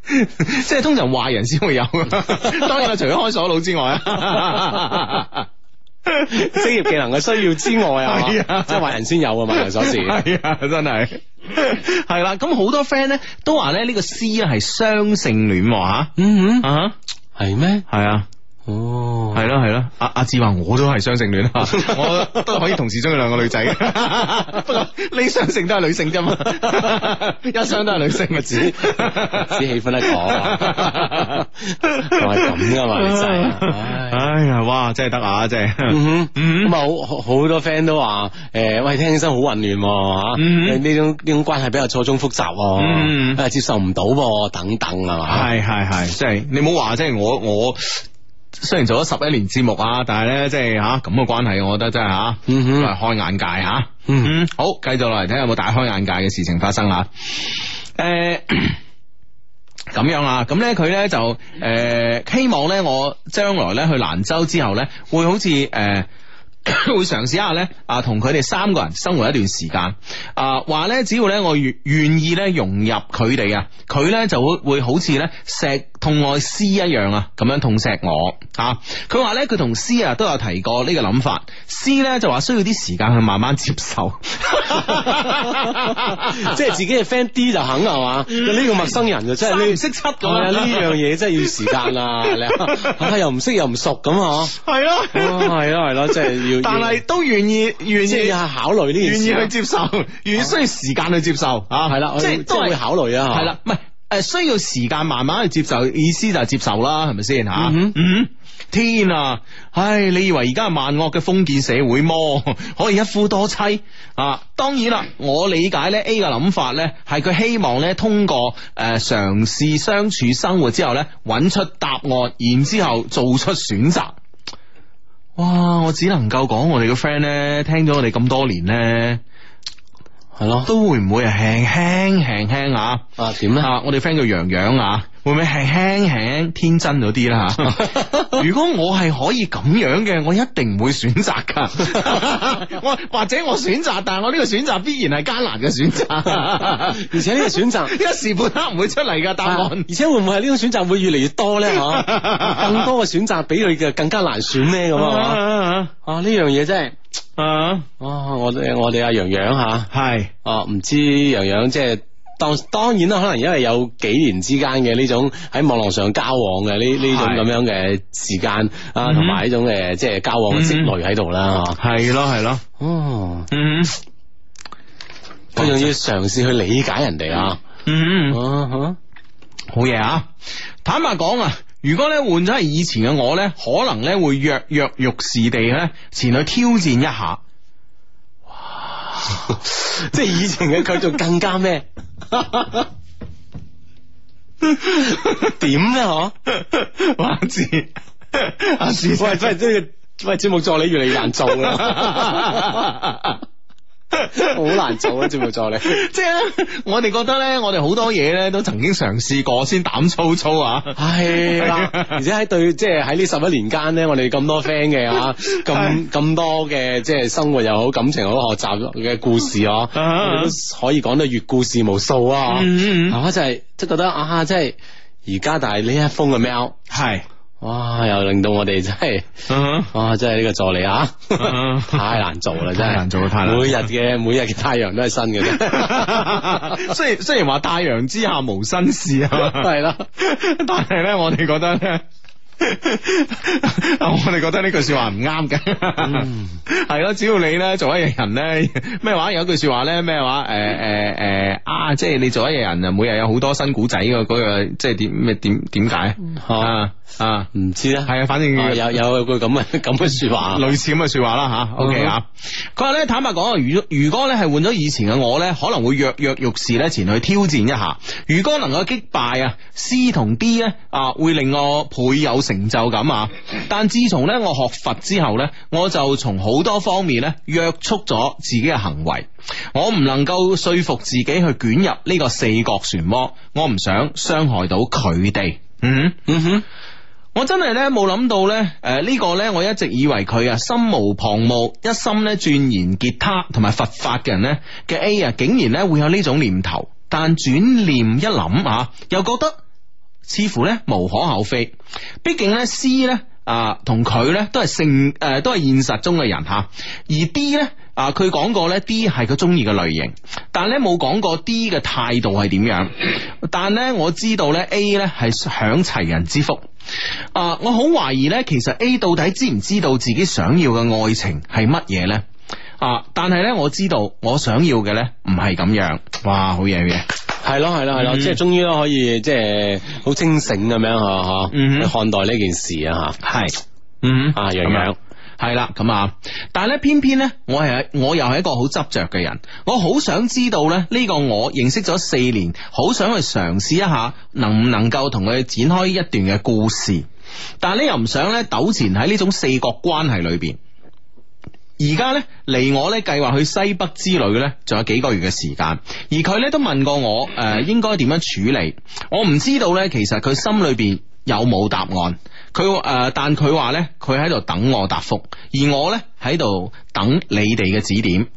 即係通常壞人先會有。 當然，除咗開鎖佬之外，職 業技能嘅需要之外 啊，即係壞人先有啊嘛，所言所事、 啊、真係係啦。咁 好、啊、多 friend 咧都話咧呢個 C 係雙性戀吓，嗯嗯、uh huh. 嗎啊，係咩係啊？哦，係咯係咯，阿阿志話我都係雙性戀，我都可以同時中意兩個女仔。不過呢雙性都係女性啫嘛，一雙都係女性咪只只喜歡一個，就係咁噶嘛，你仔。哎呀，哇，真係得啊，真係。咁啊，好多 friend 都話，誒，喂，聽起身好混亂，吓，呢種呢種關係比較錯綜複雜，嗯，接受唔到，等等係嘛，係係係，即係你冇好話，即係我我。雖然做咗十一年節目啊，但係咧即係吓咁嘅關係，我覺得真係吓，啊、嗯哼，開眼界吓，啊、嗯哼，好，繼續落嚟睇有冇大開眼界嘅事情發生啊。誒、欸，咁 樣啊，咁咧佢咧就誒、呃、希望咧我將來咧去蘭州之後咧會好似誒。呃佢會嘗試下咧，啊，同佢哋三個人生活一段時間，啊，話咧，只要咧我願願意咧融入佢哋啊，佢咧就會會好似咧錫痛愛詩一樣啊，咁樣痛錫我，吓，佢話咧佢同詩啊都有提過呢個諗法，詩咧就話需要啲時間去慢慢接受，即係自己嘅 friend 啲就肯係嘛，呢個陌生人就真係你唔識七嘅呢樣嘢真係要時間啊，吓又唔識又唔熟咁啊。係咯，係咯，係咯，即係要。但係都願意，願意，意，意考慮呢件事，願意去接受，願意需要時間去接受，係啦、啊，即係都也是會考慮啊，係啦，唔係誒，需要時間慢慢去接受，意思就係接受啦，係咪先吓？嗯哼啊天啊，唉，你以為而家係萬惡嘅封建社會麼？可以一夫多妻啊？當然啦，我理解咧 A 嘅諗法咧，係佢希望咧通過誒嘗試相處生活之後咧，揾出答案，然之後做出選擇。哇！我只能夠講，我哋嘅 friend 咧，聽咗我哋咁多年咧。係咯，都會唔會輕輕輕輕啊？輕輕輕輕啊？啊，點咧？我哋 friend 叫洋洋啊，會唔會輕輕輕天真咗啲啦？吓？ 如果我係可以咁樣嘅，我一定唔會選擇噶。 我或者我選擇，但係我呢個選擇必然係艱難嘅選擇。 而且呢個選擇 一時半刻唔會出嚟嘅答案。 而且會唔會係呢種選擇會越嚟越多咧？嗬， 更多嘅選擇比佢嘅更加難選咩咁啊？ 呢樣嘢真係、啊啊啊，啊，我我哋阿洋洋，吓、啊，係，唔知洋洋，即係當當然啦，可能因為有幾年之間嘅呢種喺網絡上交往嘅呢呢種咁樣嘅時間啊，同埋呢種嘅即係交往嘅積累喺度啦，吓、嗯哼，係咯係咯，哦，佢仲要嘗試去理解人哋，嗯哼，好嘢啊，坦白講啊。如果咧換咗係以前嘅我咧，可能咧會躍躍欲試地咧前去挑戰一下。哇！即係以前嘅佢就更加咩？點咧？嗬、啊？阿志、啊，喂，真係真係，喂，節目助理越嚟越難做啦。啊啊啊好難做啊！節目助理，即係我哋覺得咧，我哋好多嘢咧都曾經嘗試過先膽粗粗啊！係啦，而且喺對即係喺呢十一年間咧，我哋咁多 friend 嘅吓，咁咁多嘅即係生活又好，感情又好，學習嘅故事嗬，我哋都可以講得越故事無數啊！吓就係即係覺得啊，即係而家但係呢一封嘅 mail 係。哇！又令到我哋真係，uh huh. 哇！真係呢個助理啊，uh huh. 太難做啦，真係難做，太難做。每日嘅每日嘅太陽都係新嘅啫。 雖然雖然話太陽之下無新事係啦， 吧 但係咧我哋覺得咧。 我哋覺得呢句說話唔啱嘅，係咯。只要你咧做一日人咧，咩話？有句說話咧咩話？誒誒誒，即係你做一日人啊，每日有好多新古仔嘅嗰個，即係點咩點點解、嗯、啊？啊，唔知啦。係啊，反正、啊、有有有句咁咁嘅說話， 類似咁嘅說話啦吓、啊。OK、嗯、啊，佢話咧坦白講，如如果咧係換咗以前嘅我咧，可能會躍躍欲試咧前去挑戰一下。如果能夠擊敗啊 C 同 D 咧，啊會令我倍有。成就感啊！但自從咧我學佛之後咧，我就從好多方面咧約束咗自己嘅行為。我唔能夠說服自己去捲入呢個四角漩渦，我唔想傷害到佢哋。嗯哼，嗯哼，我真係咧冇諗到咧，誒，呢個咧我一直以為佢啊心無旁騖，一心咧鑽研吉他同埋佛法嘅人咧嘅 A 啊，竟然咧會有呢種念頭。但轉念一諗啊，又覺得。似乎咧無可厚非，畢竟咧 C 咧啊同佢咧都係性誒都係現實中嘅人吓，而 D 咧啊佢講過咧 D 係佢中意嘅類型，但係咧冇講過 D 嘅態度係點樣，但係咧我知道咧 A 咧係享齊人之福啊，我好懷疑咧其實 A 到底知唔知道自己想要嘅愛情係乜嘢咧？但係咧，我知道我想要嘅咧，唔係咁樣。哇，好嘢，好嘢！係咯，係咯，係咯，即係終於都可以，即係好清醒咁樣，嗬嗬。嗯，看待呢件事啊，吓係，嗯，啊，樣樣係啦，咁。但係咧，偏偏咧，我係我又係一個好執着嘅人，我好想知道咧，呢個我認識咗四年，好想去嘗試一下，能唔能夠同佢展開一段嘅故事？但係咧，又唔想咧糾纏喺呢種四角關係裏邊。而家呢，離我呢計劃去西北之旅呢，仲有幾個月嘅時間。而佢呢，都問過我，誒、呃，應該點樣處理？我唔知道呢，其實佢心裏邊有冇答案？佢誒、呃，但佢話呢，佢喺度等我答覆，而我呢，喺度等你哋嘅指點。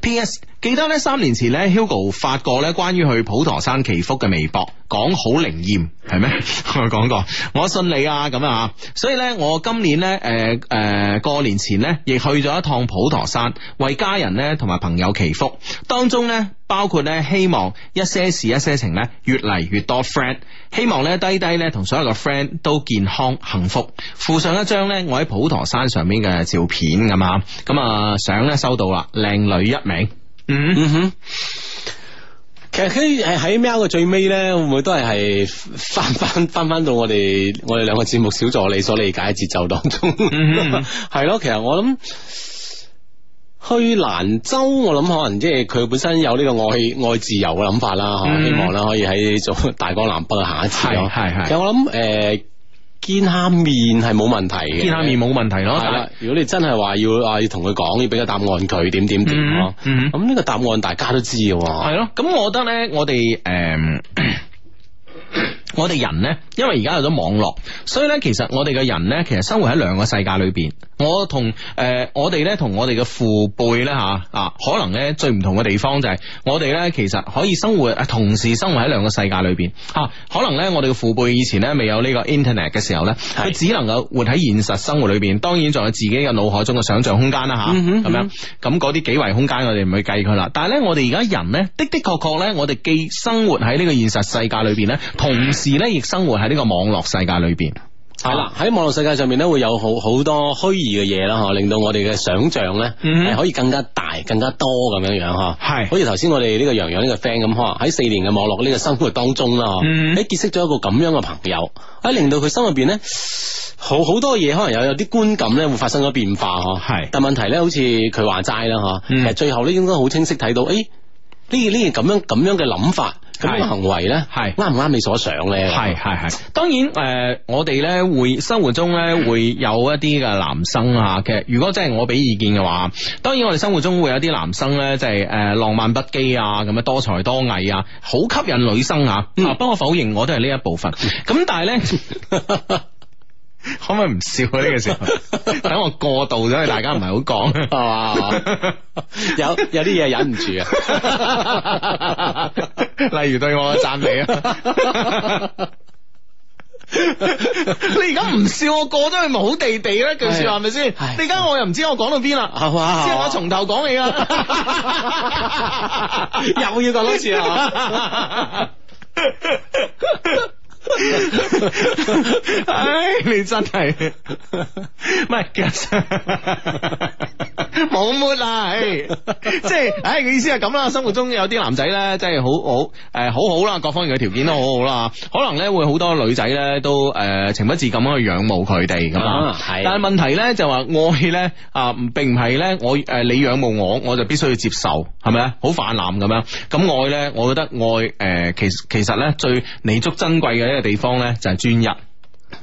P.S. 記得咧，三年前咧，Hugo 發過咧，關於去普陀山祈福嘅微博，講好靈驗係咩？ 我講過，我信你啊。咁啊。所以咧，我今年咧，誒、呃、誒、呃，過年前咧，亦去咗一趟普陀山，為家人咧同埋朋友祈福。當中咧包括，咧希望一些事一些情咧越嚟越多 friend，希望咧低低咧同所有嘅 friend 都健康幸福。附上一張咧我喺普陀山上面嘅照片咁啊，咁啊，相咧收到啦，靚女一名。嗯哼，其實佢喺喺喵嘅最尾咧，會唔會都係係翻翻翻翻到我哋我哋兩個節目小助理所理解嘅節奏當中，係咯，嗯嗯。 其實我諗去蘭州，我諗可能即係佢本身有呢個愛愛自由嘅諗法啦，嗬、嗯哼。希望啦，可以喺做大江南北下一次咯。係係。其實我諗誒。呃見下面係冇問題嘅，見下面冇問題咯。係啦的，的如果你真係話要啊、嗯、要同佢講，要俾個答案佢點點點咯。咁呢、嗯嗯、個答案大家都知嘅。係咯的，咁我覺得咧，我哋誒。嗯 我哋人呢，因為而家有咗網絡，所以呢，其實我哋嘅人呢，其實生活喺兩個世界裏邊。我同誒、呃，我哋呢，同我哋嘅父輩呢，吓啊，可能呢，最唔同嘅地方就係我哋呢，其實可以生活、啊、同時生活喺兩個世界裏邊啊。可能呢，我哋嘅父輩以前呢未有呢個 internet 嘅時候呢，佢是只能夠活喺現實生活裏邊，當然仲有自己嘅腦海中嘅想象空間啦吓，咁、啊嗯嗯、樣咁嗰啲幾維空間我哋唔去計佢啦。但係呢，我哋而家人呢，的的確確呢，我哋既生活喺呢個現實世界裏邊呢。同時，而咧，亦生活喺呢個網絡世界裏邊。係啦、啊，喺網絡世界上面咧，會有好好多虛擬嘅嘢啦，嗬，令到我哋嘅想象咧係可以更加大、嗯、哼更加多咁樣樣，嗬。係。好似頭先我哋呢個洋洋呢個 friend 咁，可能喺四年嘅網絡呢個生活當中啦，嗬、嗯哼，喺結識咗一個咁樣嘅朋友，喺令到佢心入邊咧，好好多嘢，可能有有啲觀感咧，會發生咗變化，嗬、嗯哼。係。但問題咧，好似佢話齋啦，嗬、嗯哼，其實最後咧，應該好清晰睇到，誒、哎，呢呢咁樣咁樣嘅諗法。咁嘅行為呢，係啱唔啱你所想呢？係係係，當然誒、呃，我哋呢會生活中呢會有一啲嘅男生啊，其實如果真係我俾意見嘅話，當然我哋生活中會有啲男生呢，即係誒浪漫不羈啊，咁樣多才多藝啊，好吸引女生啊。嗱、嗯，不可否認，我都係呢一部分。咁但係呢。 可唔可以唔笑啊？呢、這個時候，等我過度咗，大家唔係好講，係嘛？有有啲嘢忍唔住啊， 例如對我嘅讚美，啊 你而家唔笑我過咗去，咪好地地咯？一句說話係咪先？是是唉你而家我又唔知我講到邊啦，係嘛？即係我從頭講起啊！ 又要講多次。 唉，你真係唔係，其實冇末啊！即係，唉，個意思係咁啦。生活中有啲男仔咧，真係好好誒，好好啦，各方面嘅條件都好好啦。可能咧會好多女仔咧都誒情不自禁去仰慕佢哋噶嘛。係，但係問題咧就話愛咧啊，並唔係咧我誒你仰慕我，我就必須要接受，係咪啊？好泛濫咁樣。咁愛咧，我覺得愛誒，其其實咧最彌足珍貴嘅。嘅地方咧就係專一，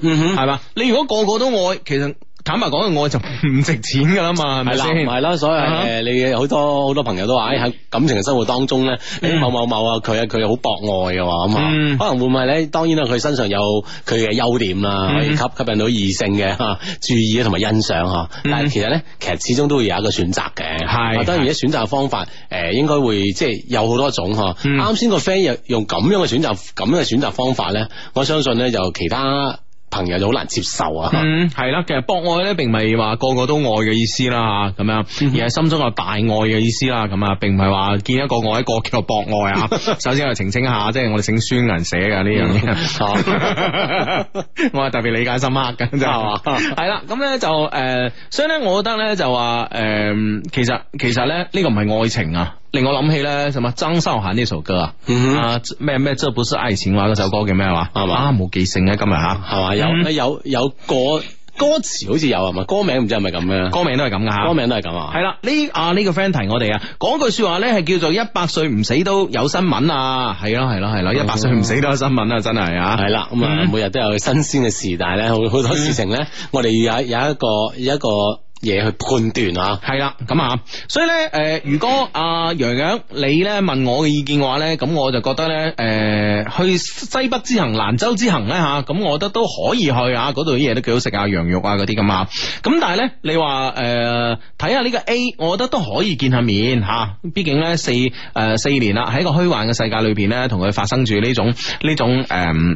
嗯哼，係嘛？你如果個個都愛，其實。坦白講，我就唔值錢噶啦嘛，係咪唔係啦，所以誒，你好多好多朋友都話，喺感情嘅生活當中咧，某某某啊，佢啊佢好博愛嘅，咁啊，可能會唔係咧？當然啦，佢身上有佢嘅優點啦，可以吸吸引到異性嘅注意啊，同埋欣賞吓。但係其實咧，其實始終都會有一個選擇嘅，係當然啲選擇方法誒，應該會即係有好多種嗬。啱先個 friend 用咁樣嘅選擇，咁樣嘅選擇方法咧，我相信咧就其他。朋友就好難接受啊，嗯，係啦，其實博愛咧，並唔係話個個都愛嘅意思啦，吓咁樣，而係心中有大愛嘅意思啦，咁啊，並唔係話見一個愛一個叫做博愛啊， 首先我澄清下，即係我哋姓孫人寫嘅呢樣嘢，我係特別理解深刻，係嘛， 係啦，咁咧就誒，所以咧，我覺得咧就話誒，其實其實咧呢個唔係愛情啊。令我諗起咧、嗯哼啊，什麼曾秀涵呢首歌啊？咩咩吧？真本是愛情話嗰首歌叫咩話？係嘛？冇記性啊！今日吓、啊，係嘛吧？有有有個歌詞好似有啊，唔係歌名，唔知係咪咁嘅？歌名都係咁噶，歌名都係咁。係、啊、啦，呢啊呢個 friend 提我哋啊，嗰、這個啊、句說話咧係叫做一百歲唔死都有新聞啊！係咯係咯係咯，一百歲唔死都有新聞啊！真係啊！係啦，咁啊，每日都有新鮮嘅事，但係咧，好好多事情咧， 我哋有有一個有一個。有一個有一個嘢去判斷啊，係啦，咁啊，所以呢，誒、呃，如果阿洋洋你呢問我嘅意見嘅話咧，咁我就覺得呢，誒、呃，去西北之行、蘭州之行呢，吓、啊，咁我覺得都可以去啊，嗰度啲嘢都幾好食啊，羊肉啊嗰啲咁啊。咁但係呢，你話誒睇下呢個 A，我覺得都可以見下面吓、啊，畢竟呢，四誒、呃、四年啦，喺個虛幻嘅世界裏邊呢，同佢發生住呢種呢種誒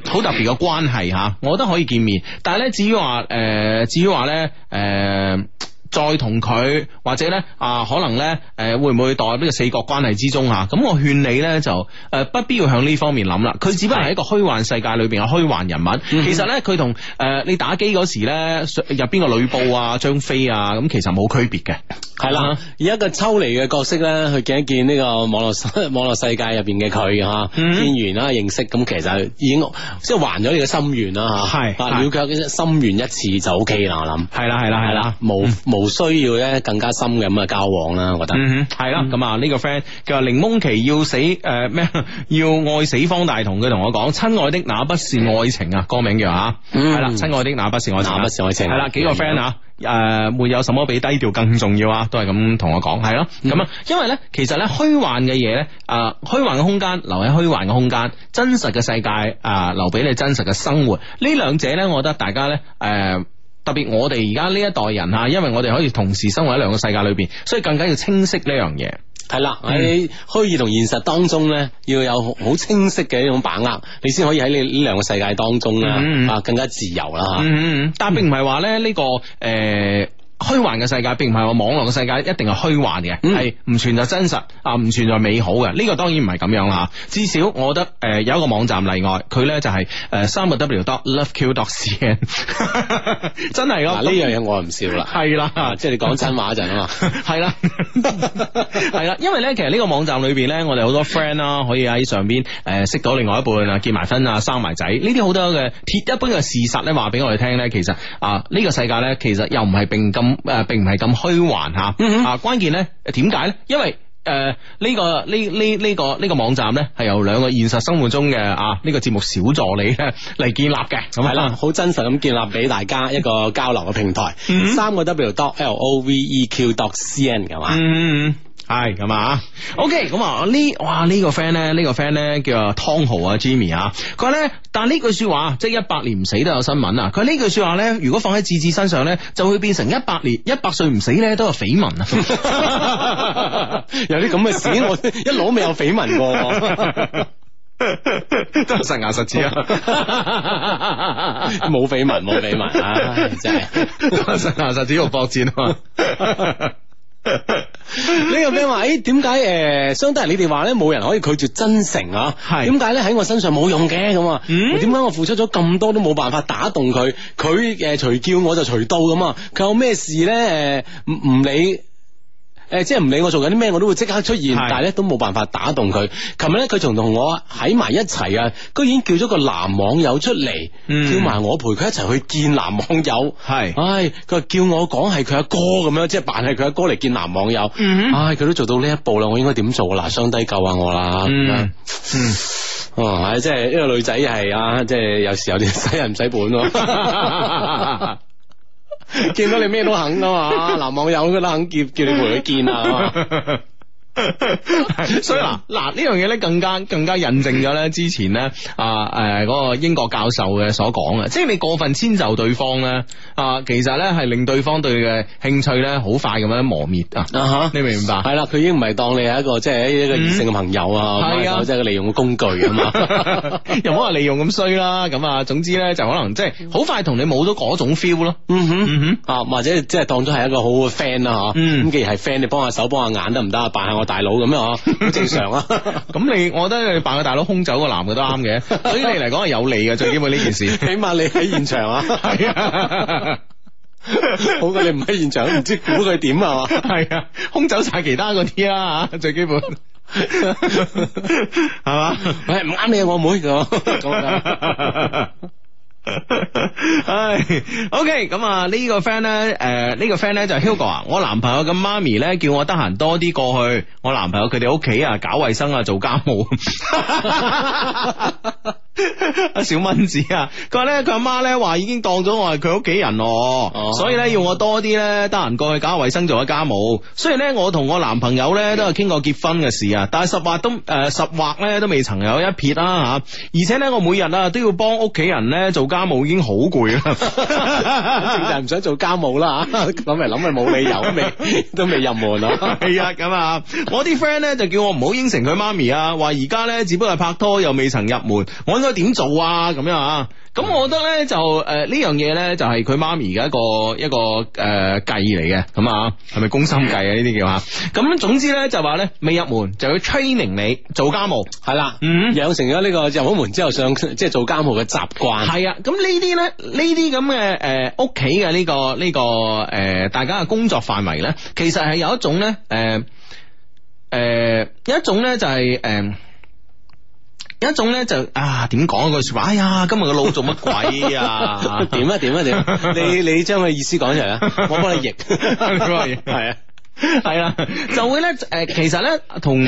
好、呃、特別嘅關係吓、啊，我覺得可以見面，但係呢，至於話誒、呃、至於話呢。誒、呃。呃呃呃呃呃呃再同佢或者咧啊，可能咧誒，會唔會代入呢個四角關係之中啊？咁我勸你咧就誒，不必要向呢方面諗啦。佢只不過係一個虛幻世界裏邊嘅虛幻人物，其實咧佢同誒你打機嗰時咧入邊個呂布啊、張飛啊，咁其實冇區別嘅。係啦，以一個抽離嘅角色咧去見一見呢個網絡網絡世界入邊嘅佢吓，見完啦認識咁，其實已經即係還咗你嘅心願啦吓。係了解心願一次就 OK 啦，我諗。係啦係啦係啦，冇冇。無需要咧更加深嘅咁嘅交往啦，我覺得係啦。咁啊呢個 friend 叫話檸檬琪要死誒咩？要愛死方大同佢同我講，親愛的那不是愛情啊，歌名叫吓係啦。親愛的那不是愛情，那不是愛情係啦。幾個 friend 啊，誒，沒有什麼比低調更重要啊，都係咁同我講係咯。咁啊，因為咧其實咧虛幻嘅嘢咧誒，虛幻嘅空間留喺虛幻嘅空間，真實嘅世界誒留俾你真實嘅生活。呢兩者咧，我覺得大家咧誒。特別我哋而家呢一代人吓，因為我哋可以同時生活喺兩個世界裏邊，所以更加要清晰呢樣嘢。係啦了，喺虛擬同現實當中咧，要有好清晰嘅一種把握，你先可以喺你呢兩個世界當中啦，啊，更加自由啦吓。嗯嗯，但並唔係話咧，呢個誒。呃虛幻嘅世界，並唔係我網絡嘅世界一定係虛幻嘅，係唔、嗯、存在真實啊，唔存在美好嘅。呢、這個當然唔係咁樣啦，至少我覺得誒、呃、有一個網站例外，佢咧就係、是、誒、呃、三個 w dot love q dot cn， 真係是噶，呢樣嘢我唔笑啦。係啦，即係你講真話一陣啊嘛。係啦，係啦，因為咧其實呢個網站裏邊咧，我哋好多 friend 啦，可以喺上邊誒識到另外一半，結埋婚，生埋仔，呢啲好多嘅鐵一般嘅事實咧，話俾我哋聽咧，其實啊呢、呃、個世界咧，其實又唔係並冇。咁誒，並唔係咁虛幻吓，啊關鍵咧點解咧？因為誒呢、呃這個呢呢呢個呢、這個這個網站咧係由兩個現實生活中嘅啊呢、這個節目小助理咧嚟建立嘅，咁係啦，好 真實咁建立俾大家一個交流嘅平台，三 個 W dot L O V E Q dot C N 嘅嘛。嗯。 係咁啊，OK，咁呢？哇，這個、呢、這個 friend 咧，Jimmy, 呢個 friend 咧叫湯豪啊 Jimmy 啊。佢話咧，但呢句說話，即、就、係、是、一百年唔死都有新聞啊。佢呢句說話咧，如果放喺智智身上咧，就會變成一百年一百歲唔死咧都有緋聞啊。 有啲咁嘅事，我一攞未有緋聞喎。實牙實齒啊，冇緋聞冇緋聞啊， 哎、真係實牙實齒用搏戰啊。嘛。 你個咩話？誒、欸，點解誒，相當係你哋話咧，冇人可以拒絕真誠啊？係是，點解咧喺我身上冇用嘅咁？啊，點解、嗯、我付出咗咁多都冇辦法打動佢？佢誒，隨、呃、叫我就隨到咁啊！佢有咩事咧？誒、呃，唔理。誒，即係唔理我做緊啲咩，我都會即刻出現，是但係咧，都冇辦法打動佢。琴日咧，佢仲同我喺埋一齊啊，居然叫咗個男網友出嚟，嗯、叫埋我陪佢一齊去見男網友。係是，唉，佢話叫我講係佢阿哥咁樣，即係扮係佢阿哥嚟見男網友。嗯、哼唉，佢都做到呢一步啦，我應該點做啊？拿雙低救下我啦！嗯，哦是，嗯、唉，即係呢、這個女仔係啊，即係有時有啲使人唔使本。 見到你咩都肯啊，嘛，男網友都肯叫叫你陪佢見啊。 所以嗱嗱呢樣嘢咧，更加更加印證咗咧之前咧誒嗰個英國教授嘅所講啊，即係你過分遷就對方咧、啊，其實咧係令對方對你嘅興趣咧好快咁樣磨滅啊，啊哈你明唔明白？係啦，佢已經唔係當你係一個即係、就是、一個異性嘅朋友啊，係啊，即係個利用嘅工具啊嘛，又唔好話利用咁衰啦。咁總之咧，就可能即係好快同你冇咗嗰種 feel 咯。啊，或者即係、就是、當咗係一個好好嘅 friend 啦嗬。咁、啊、既然係 friend，你幫下手幫下眼得唔得啊？扮下我。大佬咁樣啊， 正常啊。咁 你，我覺得你扮個大佬，空走個男嘅都啱嘅。所以你嚟講係有利嘅，最基本呢件事，起 碼你喺現場啊。係 好過你唔喺現場，唔知估佢點啊。係， 空走晒其他嗰啲啊，最基本，係嘛？係唔啱你、啊、我妹嘅。 唉 ，OK，咁呢、呃呢個 friend 咧，誒，呢個 friend 咧就係 Hugo 啊，我男朋友咁媽咪咧叫我得閒多啲過去，我男朋友佢哋屋企啊搞衛生啊做家務， 小蚊子，啊，佢話咧佢阿媽咧話已經當咗我係佢屋企人哦所、嗯啊，所以咧要我多啲咧得閒過去搞下衛生做下家務。雖然咧我同我男朋友咧都係傾過結婚嘅事，啊，但係十劃都誒十劃咧都未曾有一撇啦、啊、吓，而且咧我每日啊都要幫屋企人咧做家。家務已經好攰啦，就係唔想做家務啦吓，諗嚟諗去冇理由都未都、 啊啊啊、未入門。係啊，咁啊，我啲 friend 咧就叫我唔好應承佢媽咪，呃媽媽呃、啊。話而家咧只不過拍拖又未曾入門，我應該點做啊？咁樣啊？咁我覺得咧就誒呢樣嘢咧就係佢媽咪嘅一個一個誒計嚟嘅，咁啊，係咪攻心計啊？呢啲叫啊？咁總之咧就話咧未入門就要 training 你做家務係啦，嗯了，養、mm hmm. 成咗呢個入咗門之後上即係、就是、做家務嘅習慣係啊。咁呢啲咧，呢啲咁嘅，誒、呃，屋企嘅呢個，呢個，誒，大家嘅工作範圍咧，其實係有一種咧，誒、呃，誒，有一種咧就係、是，誒、呃，有一種咧就啊，點講嗰句說話，哎呀，今日個腦做乜鬼啊？點 啊點啊點、啊，你你將佢意思講出嚟，啊，我幫你譯，係啊。係 啦，就會咧誒，其實咧同你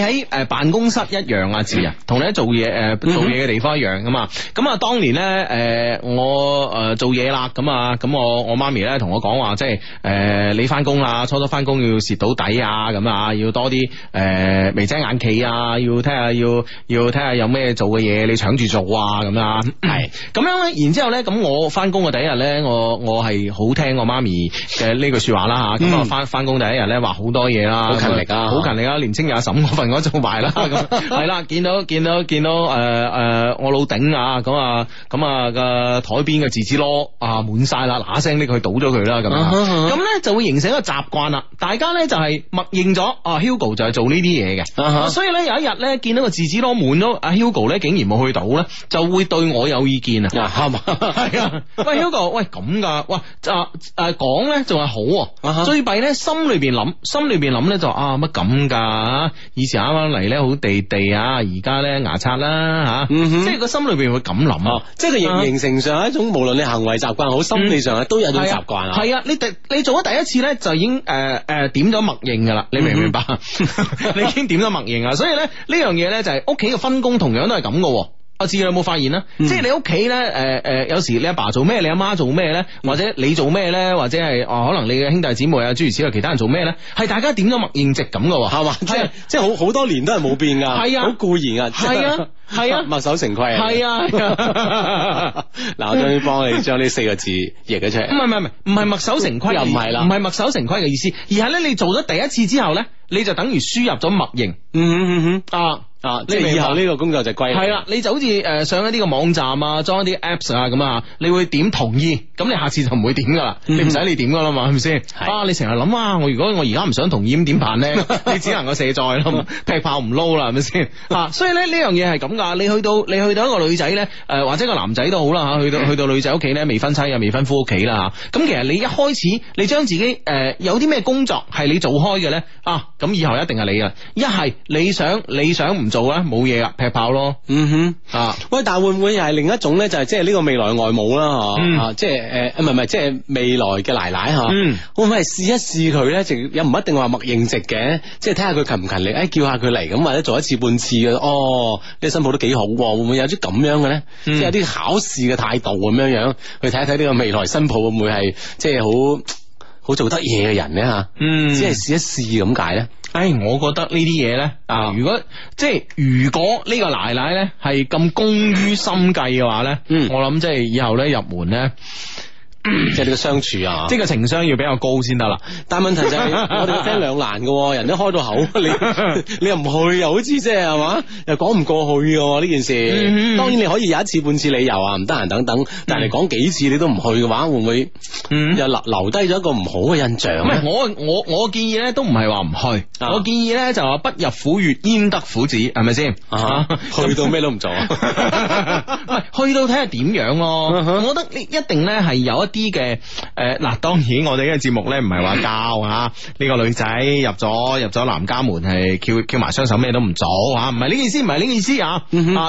喺誒辦公室一樣啊，字啊，同你喺做嘢誒做嘢嘅地方一樣噶嘛。咁啊， 當年咧誒我誒做嘢啦，咁啊咁我我媽咪咧同我講話，即係誒你翻工啦，初初翻工要蝕到底啊，咁啊要多啲誒眉精眼企，啊，要聽下要要聽下有咩做嘅嘢，你搶住做啊咁啊。係咁樣咧，然之後咧咁我翻工嘅第一日咧，我我係好聽我媽咪嘅呢句說話啦吓，咁啊翻翻工。第一日咧話好多嘢啦，好勤力啊，好勤力啊！年青人阿嬸嗰份我組埋啦，咁係啦，見到見到見到誒誒，我老頂啊，咁啊，咁啊，個台邊嘅字紙籮啊滿晒啦，嗱聲拎佢倒咗佢啦，咁咁咧就會形成一個習慣啦，大家咧就係默認咗啊，Hugo 就係做呢啲嘢嘅，所以咧有一日咧見到個字紙籮滿咗，阿 Hugo 咧竟然冇去到咧，就會對我有意見啊，係嘛？喂 Hugo，喂咁噶？喂就誒講咧仲係好，最弊咧心。裏邊諗，心裏邊諗咧就啊乜咁噶？以前啱啱嚟咧好地地啊，而家咧牙刷啦吓，啊嗯、哼即係個心裏邊會咁諗，即係佢形形成上、嗯、一種，無論你行為習慣好，嗯、心理上係都有種習慣。係、嗯、啊，啊，你第你做咗第一次咧，就已經誒誒、呃呃、點咗默認噶啦，你明唔明白？你已經點咗默認啊，所以咧呢樣嘢咧就係屋企嘅分工，同樣都係咁噶。我知你有冇發現啦，嗯、即係你屋企咧，誒、呃、誒，有時你阿爸，爸做咩，你阿媽做咩咧，或者你做咩咧，或者係哦、呃，可能你嘅兄弟姊妹啊，諸如此類，其他人做咩咧，係大家點都默認值咁噶喎，係嘛？即係即係好好多年都係冇變噶，係 啊，好固然啊，係啊是。 係啊，墨守成規啊，係啊。嗱，我終於幫你將呢四個字譯咗出嚟。唔係唔係唔係，唔係墨守成規又唔係啦，唔係墨守成規嘅意思，而係咧你做咗第一次之後咧，你就等於輸入咗默認。嗯嗯嗯啊啊，即係以後呢個工作就歸你。係啦，你就好似誒上一啲嘅網站啊，裝一啲 apps 啊咁啊，你會點同意？咁你下次就唔會點噶啦，你唔使你點噶啦嘛，係咪先？啊，你成日諗啊，我如果我而家唔想同意咁點辦咧？你只能夠卸載啦，劈炮唔撈啦，係咪先？啊，所以咧呢樣嘢係咁。你去到你去到一個女仔咧，誒、呃、或者個男仔都好啦吓，去到，嗯、去到女仔屋企咧，未婚妻又未婚夫屋企啦。咁其實你一開始你將自己誒、呃、有啲咩工作係你做開嘅咧，咁，啊啊、以後一定係你啦。一係你想你想唔做咧，冇嘢啊劈炮咯。嗯哼啊，喂，但係會唔會又係另一種咧？就係即係呢個未來外母啦吓，即係誒唔係唔係即係未來嘅奶奶吓。啊嗯，會唔會係試一試佢咧？亦又唔一定話默認值嘅，即係睇下佢勤唔勤力，誒叫下佢嚟咁或者做一次半次嘅。哦，哦哦鋪都幾好，會唔會有啲咁樣嘅咧？嗯、即係有啲考試嘅態度咁樣樣，去睇一睇呢個未來新抱，會唔會係即係好好做得嘢嘅人咧？吓、嗯，只係試一試咁解咧。唉、哎，我覺得呢啲嘢咧，啊如，如果即係如果呢個奶奶咧，係咁工於心計嘅話咧，嗯、我諗即係以後咧入門咧。即係你嘅相處啊，即係個情商要比較高先得啦。但係問題就係我哋個 friend 兩難嘅，人都開到口，你你又唔去，又好似即係係嘛，又講唔過去嘅呢件事。當然你可以有一次半次理由啊，唔得閒等等，但係你講幾次你都唔去嘅話，會唔會又留留低咗一個唔好嘅印象咧？我我我建議咧，都唔係話唔去，我建議咧就話不入虎穴，焉得虎子，係咪先？去到咩都唔做，喂，去到睇下點樣？我覺得你一定咧係有一。啲嘅，誒嗱，當然我哋呢個節目咧，唔係話教嚇呢個女仔入咗入咗男家門係翹翹埋雙手咩都唔做嚇，唔係呢意思，唔係呢意思啊！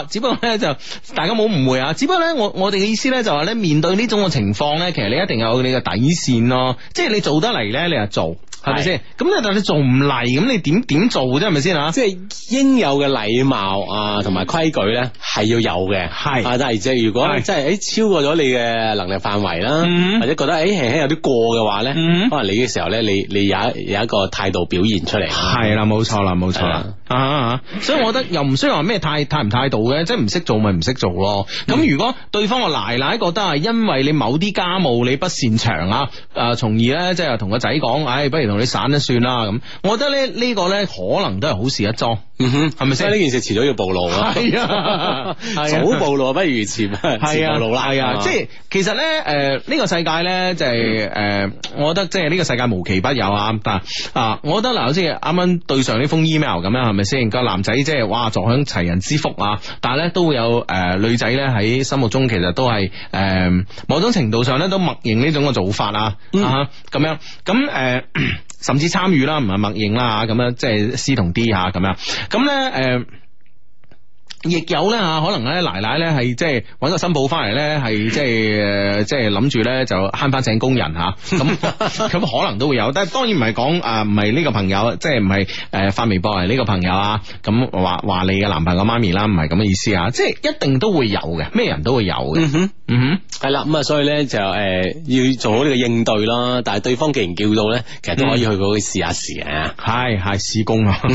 只不過咧就大家冇誤會啊！只不過咧，我我哋嘅意思咧就係咧，面對呢種嘅情況咧，其實你一定有你嘅底線咯，即係你做得嚟咧，你就做。係咪先？咁但係你做唔嚟，咁你點點做啫？係咪先？即係應有嘅禮貌啊，同埋規矩咧係要有嘅。係，但係即係如果係即係誒超過咗你嘅能力範圍啦，或者覺得誒有啲過嘅話咧，可能你嘅時候咧，你你有一有一個態度表現出嚟。係啦，冇錯啦，冇錯啦。所以我覺得又唔需要話咩太太唔態度嘅，即係唔識做咪唔識做咯。咁如果對方個奶奶覺得係因為你某啲家務你不擅長啊，誒，從而咧即係同個仔講，唉，不如。同你散咗算啦，咁，我覺得咧呢個咧可能都係好事一樁。嗯哼，係咪先？呢件事遲早要暴露啊！係啊， 早暴露啊！不如遲，遲暴露啦！啊！即係其實咧，誒、呃、呢、這個世界咧就係、是、誒、呃，我覺得即係呢個世界無奇不有啊！但係、啊，我覺得嗱，好似啱啱對上呢封 email 咁樣，係咪先個男仔即係哇，坐享齊人之福啊！但係咧都會有誒、呃、女仔咧喺心目中，其實都係誒、呃、某種程度上咧都默認呢種嘅做法啊！咁、啊啊、樣咁誒。甚至參與啦，唔係默認啦，咁樣，即係 C 同 D 吓咁樣咁咧誒。呃亦有啦，吓，可能咧奶奶咧係即係揾個新抱翻嚟咧，係即係、呃、即係諗住咧就慳翻請工人吓，咁、啊、咁可能都會有，但係當然唔係講啊，唔係呢個朋友，即係唔係誒發微博嚟呢個朋友啊，咁話話你嘅男朋友媽咪啦，唔係咁嘅意思啊，即係一定都會有嘅，咩人都會有嘅，嗯哼，嗯哼，係啦，咁啊，所以咧就誒、呃、要做好呢個應對啦，但係對方既然叫到咧，其實都可以去嗰度試下試啊，係係施工啊。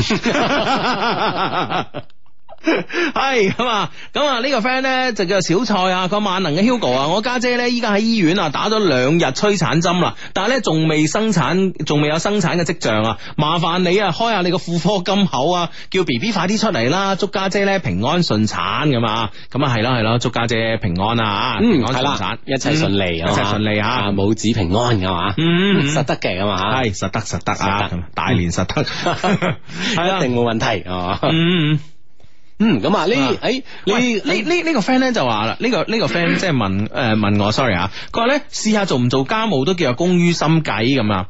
係咁啊！咁啊，呢個 friend 咧就叫小蔡啊，個萬能嘅 Hugo 啊，我家姐咧依家喺醫院啊打咗兩日催產針啦，但係咧仲未生產，仲未有生產嘅跡象啊！麻煩你啊開下你個婦科金口啊，叫 B B 快啲出嚟啦，祝家姐咧平安順產咁啊！咁啊係咯係咯，祝家姐平安啊！嗯，平安產，一切順利，一切順利啊！母子平安噶嘛，嗯，實得嘅嘛，係實得實得啊！大年實得，一定冇問題啊！嗯嗯。嗯，咁啊，呢，誒，你，呢呢呢個 friend 咧就話啦，呢個呢個 friend 即係問，誒問我，sorry，啊，佢話咧試下做唔做家務都叫做工於心計咁啊，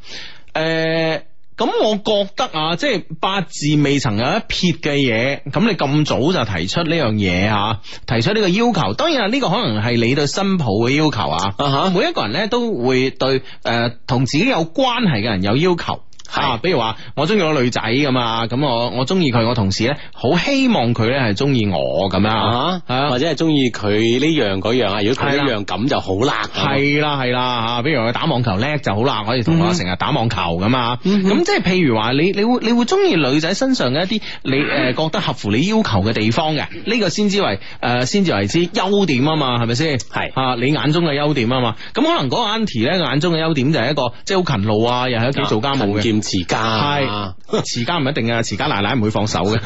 誒，咁、呃、我覺得啊，即係八字未曾有一撇嘅嘢，咁你咁早就提出呢樣嘢吓，提出呢個要求，當然啦，呢個可能係你對新抱嘅要求啊吓，啊每一個人咧都會對，誒、呃，同自己有關係嘅人有要求。啊，比如話我中意個女仔咁啊，咁我我中意佢，我同事咧好希望佢咧係中意我咁啦，係啊、uh，huh. uh. 或者係中意佢呢樣嗰樣啊。如果佢一樣咁就好喇。係啦係啦吓，比如佢打網球叻就好喇，可以同我成日打網球噶啊。咁、mm hmm. 即係譬如話你你，你會你會中意女仔身上嘅一啲你誒、mm hmm. 覺得合乎你要求嘅地方嘅，呢、這個先至為誒先至為之優點啊嘛，係咪先？係的啊，你眼中嘅優點啊嘛。咁可能嗰個 Auntie 咧眼中嘅優點就係一個即係好勤勞啊，又喺屋企做家務嘅。持家係持家唔一定，持家奶奶唔會放手嘅，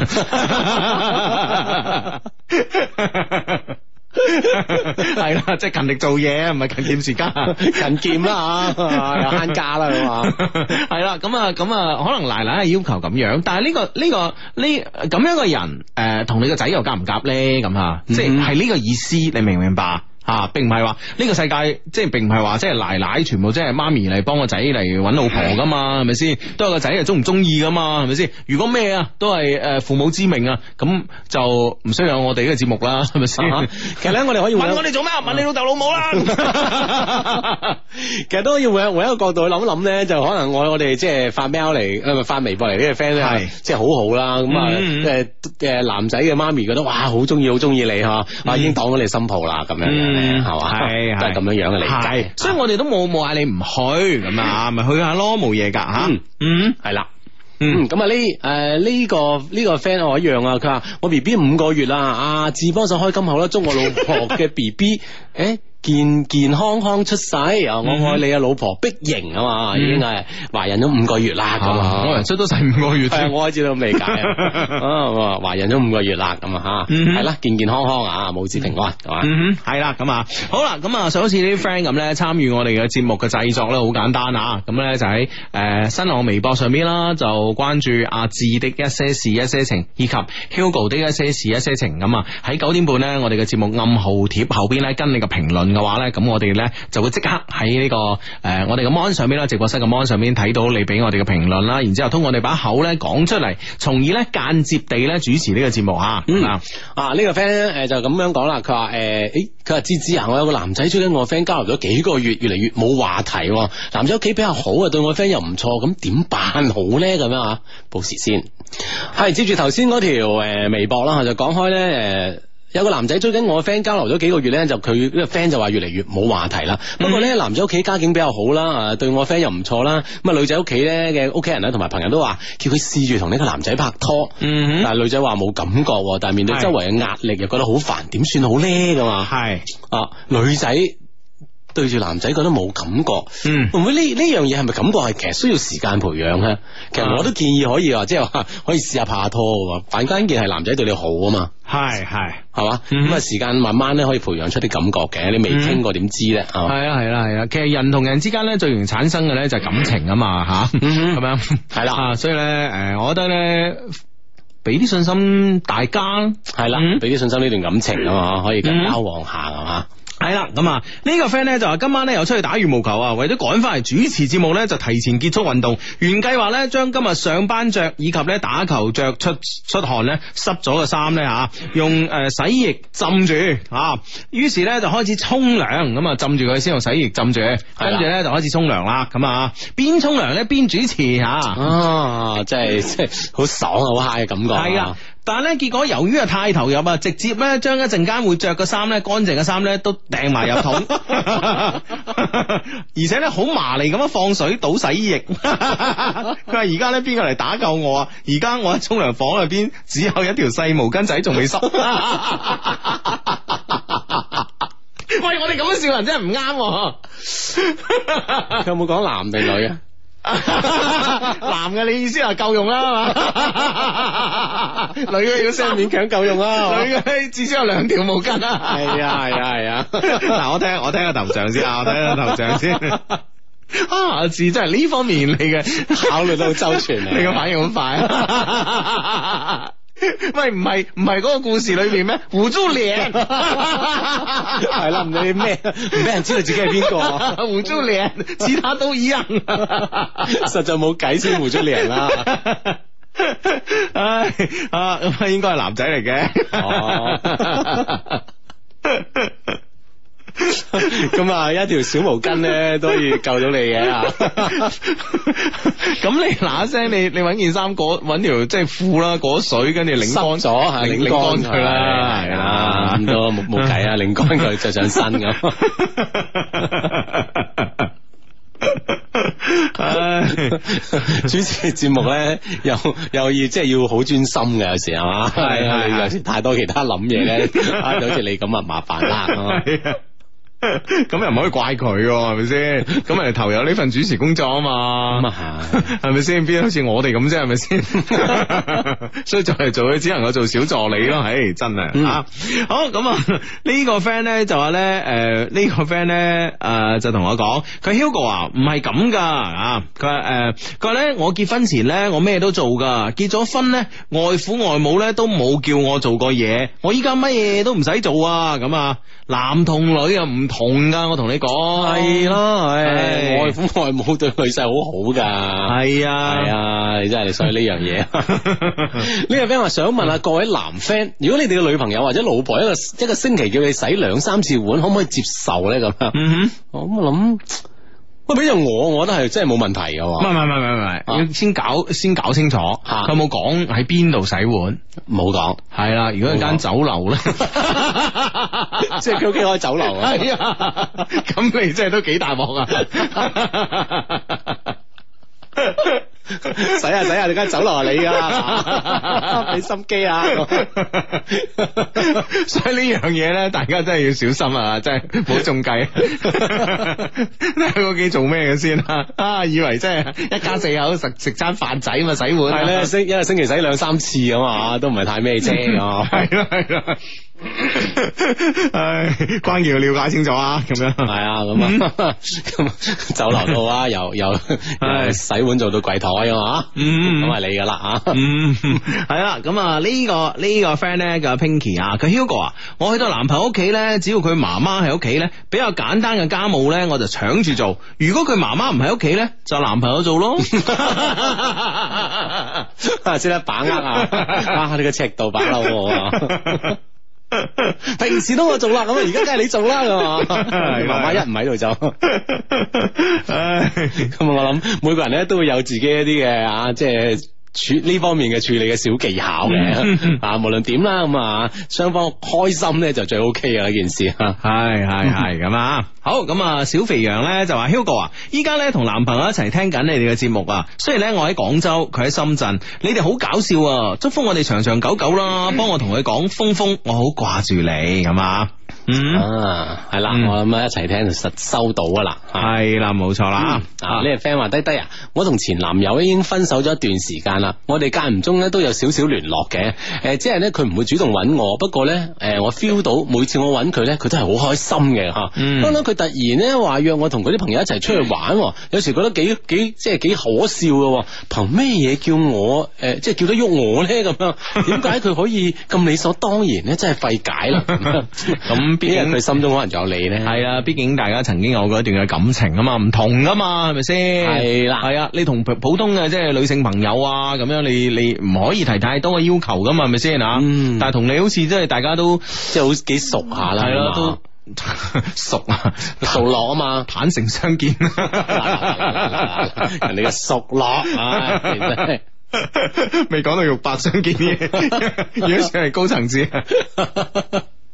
係 啦，即、就、係、是、勤力做嘢，唔係勤儉持家， 勤儉啦、啊，又慳家啦，係嘛，係 啦，咁咁可能奶奶係要求咁樣，但係、這個這個這個呃、呢個呢個呢咁樣嘅人誒，同你個仔又夾唔夾咧？咁啊，即係係呢個意思，你明唔明白？啊，並唔係話呢個世界，即係並唔係話即係奶奶全部即係媽咪嚟幫個仔嚟揾老婆噶嘛，係咪先？都有個仔啊，中唔中意噶嘛，係咪先？如果咩啊，都係誒父母之命啊，咁就唔需要我哋呢個節目啦，係咪先？其實咧，我哋可以問我哋做咩？問你老豆老母啦。 其實都要換換一個角度去諗諗咧，就可能我我哋即係發喵嚟，發微博嚟呢個 friend 咧，即係好好啦。咁誒誒男仔嘅媽咪覺得哇，好中意，好中意你嗬，哇、啊、已經當咗你心抱啦咁樣。 嗯，係嘛、啊，係是都係咁樣樣嘅嚟，是所以我哋都冇冇嗌你唔去，咁啊，咪去下咯，冇嘢噶吓，嗯，係啦了，嗯，咁啊呢誒呢個呢、呢個 friend 我一樣啊，佢話我 B B 五個月啦，啊志邦想開金口啦，祝我老婆嘅 B B，誒。健健康康出世，我愛你啊！老婆碧瑩啊嘛，已經係懷孕咗五個月啦，咁啊，出咗世五個月，我開始都未解，啊，懷孕咗五個月啦，咁吓，係啦，健健康康啊，母子平安，係嘛，係啦，咁好啦，咁啊，想好似啲 friend 咁咧，參與我哋嘅節目嘅製作咧，好簡單啊，咁咧就喺誒新浪微博上邊啦，就關注阿志的一些事一些情，以及 Hugo 的一些事一些情，咁啊，喺九點半咧，我哋嘅節目暗號貼後邊咧，跟你嘅評論。嘅話咧，咁我哋咧就會即刻喺呢、這個誒、呃，我哋嘅 Mon 上邊啦，直播室嘅 Mon 上邊睇到你俾我哋嘅評論啦，然之後通過我哋把口咧講出嚟，從而咧間接地咧主持呢個節目、嗯、吧啊。嗯、這、啊、個，呢個 friend 誒就咁樣講啦，佢話誒，佢話芝芝啊，Z，我有個男仔出緊我 friend 交流咗幾個月，越嚟越冇話題。男仔屋企比較好啊，對我 friend 又唔錯，咁點辦好咧咁樣保剛剛、呃、啊？報時先，係接住頭先嗰條誒微博啦，就講開咧誒。有個男仔追緊我嘅 friend 交流咗幾個月咧，就佢呢個 friend 就話越嚟越冇話題啦。嗯、不過咧，男仔屋企家境比較好啦，啊，對我 friend 又唔錯啦。咁啊，女仔屋企咧嘅屋企人咧同埋朋友都話叫佢試住同呢個男仔拍拖。嗯、哼但係女仔話冇感覺，但係面對周圍嘅壓力又覺得好煩，點算好咧咁啊？係是啊，女仔。對住男仔覺得冇感覺，會唔會呢呢樣嘢，係咪感覺係其實需要時間培養咧？其實我都建議可以話，即係話可以試下拍下拖嘅喎。反關鍵係男仔對你好啊嘛，係係係嘛，咁啊，時間慢慢咧可以培養出啲感覺嘅。你未傾過點知咧？係啊，係啦，係啊，其實人同人之間咧最容易產生嘅咧就係感情啊嘛吓，咁樣係啦。所以咧誒，我覺得咧俾啲信心大家，係啦，俾啲信心呢段感情啊嘛，可以交往下係嘛。係啦，咁啊，呢個 friend 咧就話今晚咧又出去打羽毛球啊，為咗趕翻嚟主持節目咧，就提前結束運動。原計劃咧將今日上班着以及咧打球着出出汗咧濕咗嘅衫咧吓，用誒洗衣液浸住啊。於是咧就開始沖涼，咁浸住佢先用洗衣液浸住，跟住咧就開始沖涼啦。咁邊沖涼咧邊主持吓，啊，即係即係好爽啊，好嗨嘅感覺。係啊。但係咧，結果由於啊太投入，直接咧將一陣間會着嘅衫咧乾淨嘅衫咧都掟埋入桶， 而且咧好麻利咁樣放水倒洗衣液。佢話而家咧邊個嚟打救我啊？而家我喺沖涼房裏邊只有一條細毛巾仔仲未濕。 喂，我哋咁樣笑人真係唔啱。有冇講男定女啊？ 男嘅，你意思話夠用啦嘛？ 的，女嘅要果勉強夠用啦，女嘅至少有兩條毛巾。係啊，係 啊，係啊！嗱， 我聽我聽下頭像先，聽 啊。我睇下頭像先。啊，事真係呢方面你嘅考慮得好周全。啊。 你嘅反應好快。 喂，唔係唔係嗰個故事裏邊咩？胡椒涼係啦，唔理咩，唔俾人知道自己係邊個。胡椒涼，其他都一樣，實在冇計先胡椒涼啦。唉，咁應該係男仔嚟嘅。咁啊，一條小毛巾咧，都可以救到你嘅。咁你嗱一聲，你你揾件衫裹，揾條即係褲啦，裹水跟住擰乾咗，擰乾佢啦，係啦，咁都冇冇計啊，擰乾佢就上身咁。主持節目咧，又又要即係要好專心嘅，有時係嘛，係啊，有時太多其他諗嘢咧，就好似你咁啊，麻煩啦。咁又唔可以怪佢係咪先？咁係投入呢份主持工作啊嘛，咁係 是，咪先？邊好似我哋咁啫？係咪先？ 所以做嚟做去，只能夠做小助理咯。唉， 真係、嗯、啊！好咁呢、啊這個 friend 咧就話咧，誒、呃、呢、這個 friend 咧誒就同我講，佢 Hugo 啊唔係咁噶，佢話誒佢話咧我結婚前咧我咩都做噶，結咗婚咧外父外母咧都冇叫我做過嘢，我依家乜嘢都唔使做啊！咁、啊、男同女啊，唔。痛噶、哎，我同你講係咯，係外父外母對女婿好好噶，係啊係啊，你真係想呢樣嘢？呢個 friend 話想問下各位男 friend，如果你哋嘅女朋友或者老婆一個一個星期叫你洗兩三次碗，可唔可以接受咧？咁樣、 嗯哼，我諗。喂，俾就我，我覺得係真係冇問題㗎。唔係唔係唔係唔係，你、啊、先搞先搞清楚，佢有冇講喺邊度洗碗？冇講、啊，係啦說。如果係間酒樓咧，即係佢屋企開酒樓。係，咁你真係都幾大鑊啊！ 洗下、啊、洗下，你梗係走落嚟㗎，你心機啊！所以呢樣嘢咧，大家真係要小心啊，真係唔好中計。你喺屋企做咩嘅先啊？ 啊？以為真係一家四口食食、食餐飯仔嘛，洗碗係、啊、咧，一 一個星期洗兩三次咁啊，都唔係太咩啫。係囉， 係囉。唉， 關鍵要了解清楚啊，咁樣係啊，咁啊，咁酒樓度啊，又 又唉 是洗碗做到櫃台啊嘛，咁係你噶啦啊，係啦、嗯，咁啊，呢、 這個呢、這個 friend 咧叫 Pinky 啊，佢 Hugo 啊，我去到男朋友屋企咧，只要佢媽媽喺屋企咧，比較簡單嘅家務咧，我就搶住做；如果佢媽媽唔喺屋企咧，就男朋友做咯，先 得、啊、把握啊，啊，呢個尺度把握。平時都我做啦，咁而家梗係你做啦，咁啊，係嘛，媽媽一唔喺度就，唉，咁我諗每個人咧都會有自己一啲嘅啊，即係。處呢方面嘅處理嘅小技巧嘅， 啊，無論點啦，咁啊，雙方開心呢就最 O K 啊！呢件事，係係係咁啊！好，咁啊，小肥羊呢就話 Hugo 啊，依家呢同男朋友一齊聽緊你哋嘅節目，啊。雖然呢我喺廣州，佢喺深圳，你哋好搞笑，啊。祝福我哋長長久久啦，幫我同佢講，峰峰，我好掛住你咁啊！嗯，啊，係啦，我諗啊一齊聽就實收到噶啦，係啦、嗯，冇錯啦。啊，呢個 friend 話低低啊，我同前男友已經分手咗一段時間啦，我哋間唔中咧都有少少聯絡嘅。誒、呃，即係咧佢唔會主動搵我，不過咧誒、呃、我 feel 到每次我搵佢咧，佢都係好開心嘅吓。不、啊、佢、mm hmm. 突然咧話約我同佢啲朋友一齊出去玩，有時覺得幾幾即係幾可笑嘅。憑咩嘢叫我誒、呃、即係叫得喐我咧咁樣？點解佢可以咁理所 當然咧？真係費解啦。咁 邊佢心中可能有你咧？係啊，畢竟大家曾經有過一段嘅感情㗎嘛，唔同㗎嘛，係咪先？係是啦，係啊，你同普通嘅即係女性朋友啊咁樣，你你唔可以提太多嘅要求噶嘛，係咪先啊？嗯、但係同你好似即係大家都即係好幾熟下啦，係咯、嗯啊，都熟、啊、熟落啊嘛坦，坦誠相見， 人哋嘅熟落，未、哎、講到肉白相見嘅， 如果算係高層次。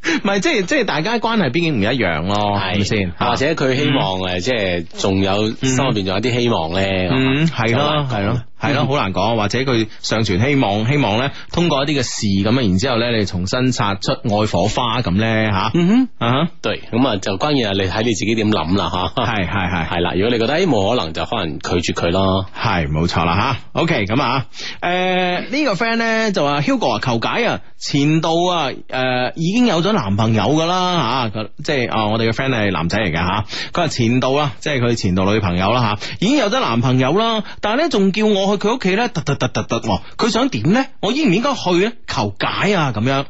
唔係， 即係即係大家關係畢竟唔一樣咯，係咪先？係係或者佢希望誒，嗯，即係仲有心入邊仲有啲希望咧，嗯，係咯，係咯。係咯，好難講，或者佢上傳希望，希望咧通過一啲嘅事咁啊，然之後咧你重新擦出愛火花咁咧吓，嗯哼，啊吓，對，咁啊就關鍵係你睇你自己點諗啦吓，係係係，係啦，如果你覺得誒冇可能，就可能拒絕佢咯，係，冇錯啦吓，OK，咁啊，誒、呃這個、呢個 friend 咧就話 Hugo 啊求解啊，前度啊誒、呃、已經有咗男朋友噶啦吓，即係啊我哋嘅 friend 係男仔嚟嘅吓，佢話前度啊，即係佢、啊啊、前，前度女朋友啦吓、啊，已經有咗男朋友啦，但係咧仲叫我。去佢屋企咧，突突突突突，佢想點咧？我應唔應該去咧？求解啊，咁樣。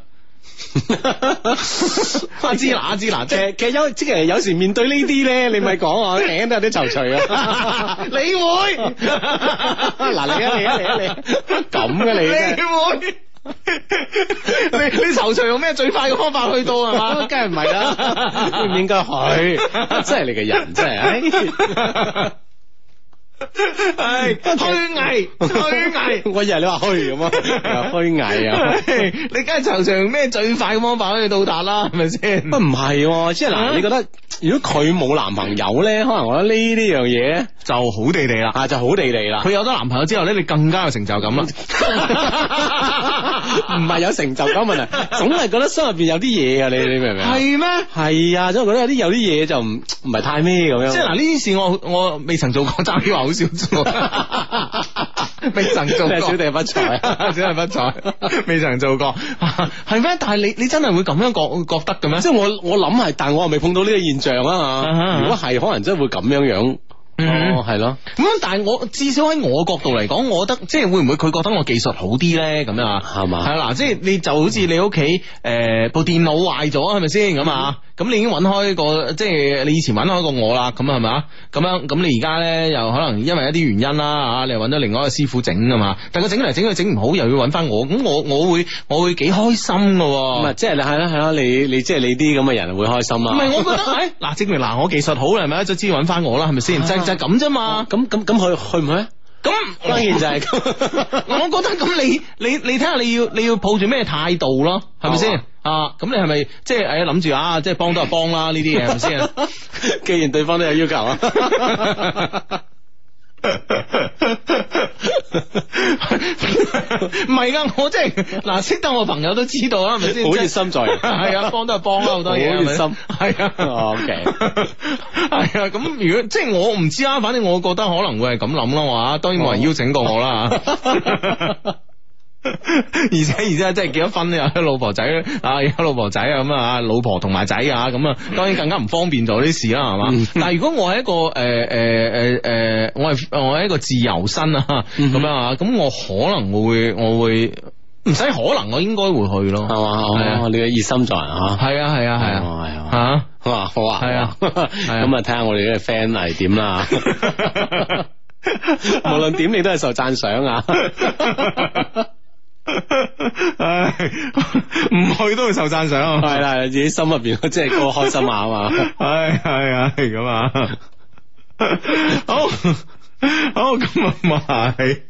阿芝拿，阿芝拿，其實其實有即係有時面對呢啲咧，你咪講，頂都有啲躊躇啊。 你會？嗱嚟啊嚟啊嚟啊你，咁嘅你？你會？你佢躊躇用咩最快嘅方法去到係嘛？梗係唔係啦，應唔應該去？真係你嘅人真係。係虛偽，虛偽。我以為你話虛咁啊，虛偽啊！你梗係常常咩最快嘅方法可以到達啦，係咪先？不唔係、啊，即係嗱，你覺得如果佢冇男朋友咧，可能我覺得呢呢樣嘢就好地地啦、 啊，就好地地啦。佢有咗男朋友之後咧，你更加有成就感啊！唔 係 有成就感，我咪總係覺得心入邊有啲嘢嗎啊！你你明唔明？係咩？係啊，總係覺得有啲有啲嘢就唔唔係太咩咁樣。即係嗱，呢啲事我我未曾做過，張宇華。 好少做，未曾做過，小弟不才，真係不才，未曾做過，係 咩？但係你你真係會咁樣覺覺得嘅咩？ 即係我我諗係，但係我又未碰到呢個現象啊！ 如果係，可能真係會咁樣樣， 哦，係咯。咁但係我至少喺我角度嚟講，我覺得即係會唔會佢覺得我技術好啲咧？咁啊，係嘛吧？係啦，即係 你就好似你屋企誒部電腦壞咗，係咪先咁啊？ 是咁你已經揾開個，即係你以前揾開個我啦，咁係咪啊？咁樣，咁你而家咧又可能因為一啲原因啦，吓你又揾咗另外一個師傅整噶嘛？但係佢整嚟整去整唔好，又要揾翻我，咁我我會我會幾開心噶，唔係即係，係咯係咯，你你即係、就是、你啲咁嘅人會開心啊？唔係我覺得，哎嗱，證明嗱我技術好係咪？一直揾翻我啦，係咪先？啊、就就係咁啫嘛，咁咁咁佢去唔去？去咁當然就係咁， 我覺得咁你你你睇下你要你要抱住咩態度咯，係咪先？咁你係咪即係誒諗住啊？即係幫都係幫啦，呢啲嘢係咪先？就是哎啊就是幫幫啊、既然對方都有要求，啊。 唔係噶，我即係嗱，識得我朋友都知道啦，係咪先？好熱心在，係 啊，幫都係幫啦，好多嘢，好熱心，係啊，OK，係啊，咁、oh, okay. 啊、如果即係我唔知啊，反正我覺得可能會係咁諗啦，話，當然冇人邀請過我啦。Oh. 而且而且真係結咗婚咧，老婆仔啊，老婆仔咁啊，老婆同埋仔啊，咁啊，當然更加唔方便做啲事啦，係嘛。但係如果我係一個誒誒誒誒，我係我係一個自由身啊，咁啊，咁我可能會我會唔使可能，我應該會去咯，係嘛。我你嘅熱心在啊，吓，係啊係啊係啊係啊吓，啊，好啊，咁睇下我哋啲 friend 係點啦，無論點你都係受讚賞啊。 唉，唔去都會受讚賞，係啦，你自己心入邊即係個開心下嘛，唉，係啊，咁啊，好，好，咁啊，唔係。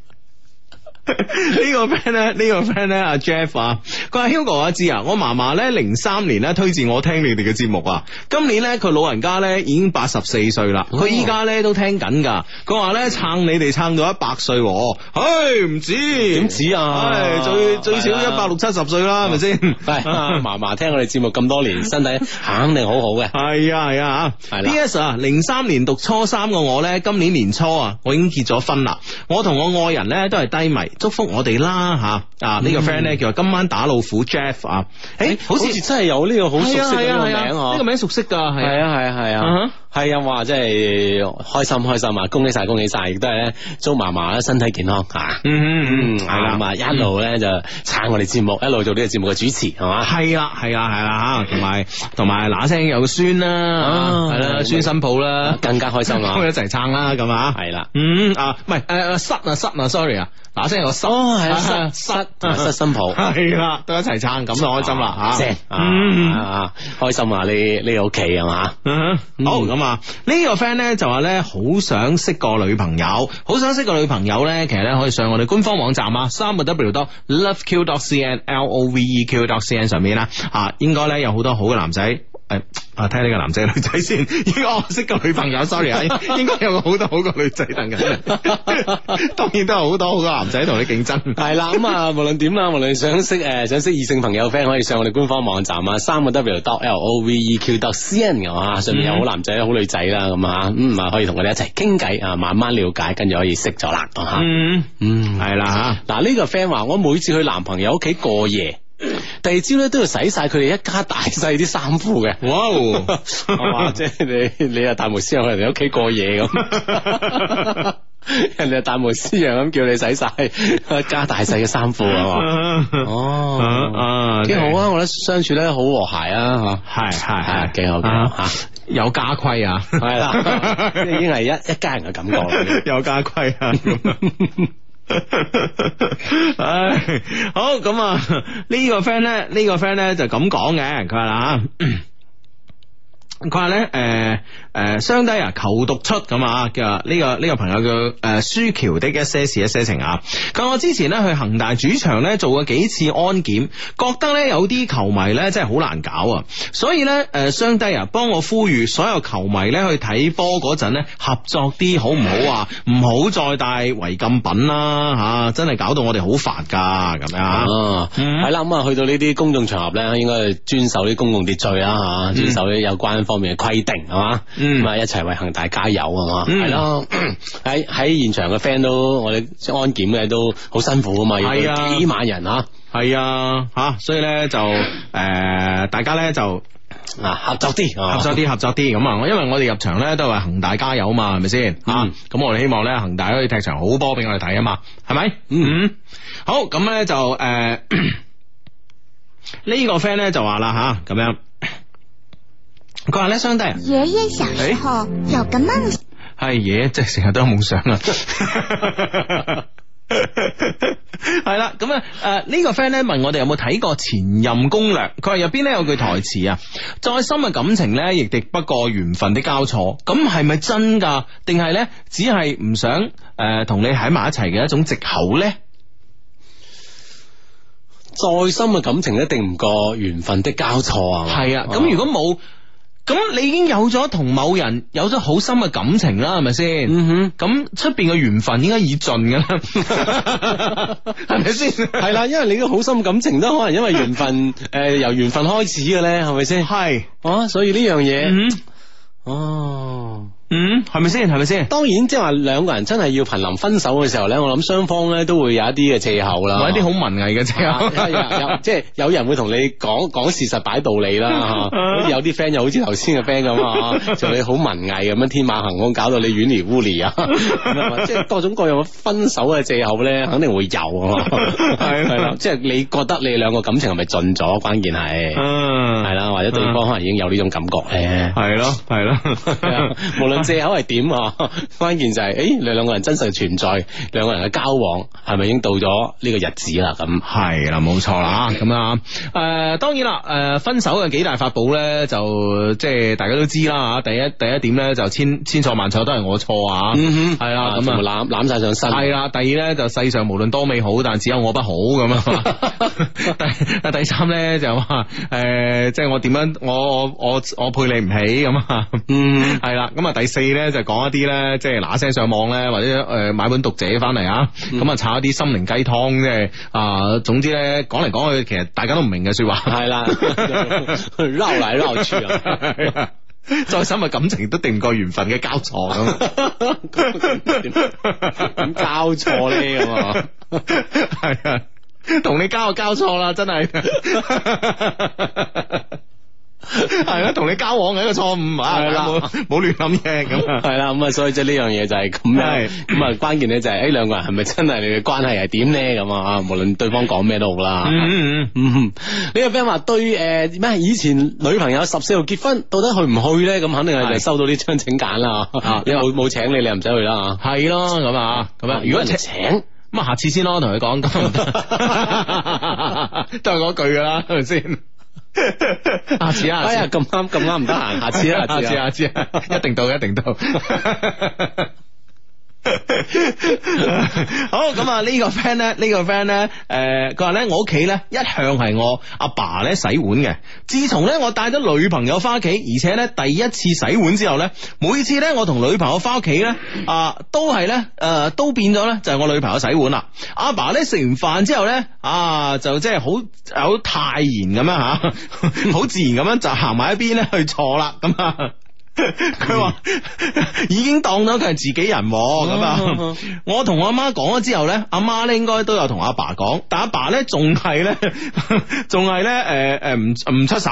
個呢、呢個 friend 咧，呢個 friend 咧，阿 Jeff 啊，佢阿 Hugo 阿知啊，我嫲嫲咧零三年咧推薦我聽你哋嘅節目啊，今年咧佢老人家咧已經八十四歲啦，佢依家咧都聽緊噶，佢話咧撐你哋撐到一百歲，唉唔止，點止啊，啊最最少一百六七十歲啦，係咪先？係嫲嫲聽我哋節目咁多年， 身體肯定好好嘅，係啊係啊吓，係啦。s 啊，零三、啊啊啊啊、年讀初三嘅我咧，今年年初啊，我已經結咗婚啦，我同我愛人咧都係低迷。祝福我哋啦吓啊，呢個、呢個 friend 咧叫做今晚打老虎 Jeff 啊，誒、欸、好似像真係有呢個好熟悉嘅呢個名，呢、啊啊啊啊呢個名熟悉㗎，係啊，係啊，係啊。係啊，話即係開心開心啊，恭喜晒恭喜晒，亦都係咧，祝嫲嫲咧身體健康吓。嗯嗯嗯，係啦嘛，一路咧就撐我哋節目，一路做呢個節目嘅主持，係嘛。係啦係啦係啦吓，同埋同埋嗱聲有孫啦，係啦，孫新抱啦，更加開心啦，一齊撐啦，咁啊係啦。嗯啊，唔係誒，失啊失啊，sorry，啊。嗱聲又失係失失失新抱，係啦，都一齊撐，咁就開心啦吓。啊，開心啊你，你個屋企係嘛。嗯，好咁。呢個 friend 咧就話咧好想識個女朋友，好想識個女朋友咧，其實咧可以上我哋官方網站啊，三個 W 多 Love Q dot C N L O V E Q dot C N 上面啦，吓應該咧有好多好嘅男仔。誒，睇下呢個男仔女仔先，應該我識個女朋友 ，sorry，應該有好多好多女仔等緊， 當然都有好多好多男仔同你競爭。係啦，咁啊，無論點啦，無論想識誒，想識異性朋友 friend，可以上我哋官方網站三個 W dot L O V E Q dot C N 上面有好男仔、好女仔啦，咁啊、嗯，咁啊，可以同佢哋一齊傾偈啊，慢慢了解，跟住可以識咗啦，吓，嗯，係啦，吓，嗱呢個 friend 話，我每次去男朋友屋企過夜。第二朝咧，都要洗晒佢哋一家大細啲衫褲嘅，哇！即係你你大模斯樣去人哋屋企過夜咁，人哋大模斯樣咁叫你洗晒一家大細嘅衫褲，係嘛？哦，幾好啊！我覺得相處咧好和諧啊，嗬，係係係，幾好嘅吓，有家規啊，係啦，已經係一一家人嘅感覺，有家規啊 唉，好咁啊！呢個 friend 咧，呢個 friend 咧就咁講嘅，佢話啦佢話咧，誒誒，雙、欸呃、低啊，求讀出咁啊，叫呢、呢個呢、呢個朋友叫誒，舒、呃、喬的一些事一些情啊。佢話我之前咧去恒大主場咧做過幾次安檢，覺得咧有啲球迷咧真係好難搞啊，所以咧誒，雙低啊，幫我呼籲所有球迷咧去睇波陣咧合作啲好唔好啊？唔好、嗯、再帶違禁品啦吓，真係搞到我哋好煩噶咁啊。係啦，咁啊去到呢啲公眾場合咧，應該係遵守啲公共秩序啊吓，遵守啲有關方面嘅規定係嘛，咁啊一齊為恒大加油係嘛，係咯，喺喺現場嘅 friend 都我哋安檢嘅都好辛苦啊嘛，係啊幾萬人啊，係啊吓，所以咧就誒大家咧就合作啲合作啲合作啲咁啊，因為我哋入場咧都係為恒大加油啊嘛，係咪先啊？咁我哋希望咧恒大可以踢場好波俾我哋睇啊嘛，係咪？嗯嗯，好咁咧就誒呢個 friend 咧就話啦吓，咁樣。佢話咧，相弟，爺爺小時候有個夢想。係爺爺即係成日都有夢想啊 係啦，咁啊誒呢個 friend 咧問我哋有冇睇過前任攻略？佢話入邊咧有句台詞啊：嗯、再深嘅感情咧，亦敵不過緣分的交錯。咁係咪真噶？定係咧只係唔想誒同、呃、你喺埋一齊嘅一種借口咧？再深嘅感情咧，定唔過緣分的交錯啊！係啊，咁、嗯、如果冇。咁你已經有咗同某人有咗好深嘅感情啦，係咪先？咁出邊嘅緣分應該已盡噶啦，係咪先？係啦，因為你都好深感情都可能因為緣分，誒、 呃，由緣分開始嘅咧，係咪先？係是啊，所以呢樣嘢，哦。嗯，係咪先？係咪先？當然，即係話兩個人真係要瀕臨分手嘅時候咧，我諗雙方咧都會有一啲嘅借口啦，一啲好文藝嘅借口，即係有人會同你講，講事實、擺道理啦，好似有啲 friend 又好似頭先嘅 friend 咁，吓，就你好文藝咁樣天馬行空，搞到你軟嚟烏嚟啊，即係各種各樣分手嘅借口咧，肯定會有，啊係係啦，即係你覺得你兩個感情係咪盡咗？關鍵係，係啦，或者對方可能已經有呢種感覺咧，係咯，係咯，無論。借口係點？關鍵就係，誒，你兩個人真實存在，兩個人嘅交往係咪已經到咗呢個日子啦？咁係啦，冇錯啦，咁啊，誒，當然啦，誒、呃，分手嘅幾大法寶咧，就即係大家都知啦，吓第一第一點咧就千千錯萬錯都係我錯啊，係、嗯、哼的啊，咁攬攬晒上身的，係啦，第二咧就世上無論多美好，但只有我不好咁啊，第第三咧就話，誒，即係我點樣，我我我我，我，我，我配你唔起咁啊，嗯，係 啦， 咁啊第。四咧就講一啲咧，即係嗱聲上網咧，或者誒、呃、買本讀者翻嚟啊，咁啊炒一啲心靈雞湯，即、就、係、是呃，總之咧講嚟講去，其實大家都唔明嘅說話，係啦、 啊，撈嚟撈去，再深嘅感情都敵唔過緣分嘅交錯咁，點 交錯咧咁啊？係啊，同你交就交錯啦，真係。 係啦，同你交往係一個錯誤啊！冇冇亂諗嘢咁。係啦，咁所以即係呢樣嘢就係咁樣。咁啊，關鍵咧就係誒兩個人係咪真係你嘅關係係點咧？咁啊，無論對方講咩都好啦。嗯嗯嗯。呢個 friend 話對誒咩？以前女朋友十四號結婚，到底去唔去咧？咁肯定係就收到呢張請柬啦。你冇冇請你？你唔使去啦。係咯，咁啊咁樣。如果唔請，咁啊下次先咯，同佢講都係嗰句噶啦，係咪先？ 下次啦，下次呀，咁啱咁啱唔得閒，下次啦，啊哎，下次，啊，下次，一定到一定到。 好咁啊！呢個 friend 呢，呢個 friend 呢，誒、呃，佢話呢，我屋企呢，一向係我阿爸呢洗碗嘅。自從呢，我帶咗女朋友翻屋企，而且呢，第一次洗碗之後呢，每次呢，我同女朋友翻屋企呢，啊，都係呢，誒、呃，都變咗呢，就係我女朋友洗碗啦。阿爸呢，食完飯之後呢啊，就即係好好泰然咁樣吓，啊，好自然咁樣就行埋一邊呢，去坐啦咁。啊佢 話已經當咗佢係自己人咁啊！哦、 我同我阿媽講咗之後咧，阿媽咧應該都有同阿爸講，但阿爸咧仲係咧仲係咧誒誒唔唔出手。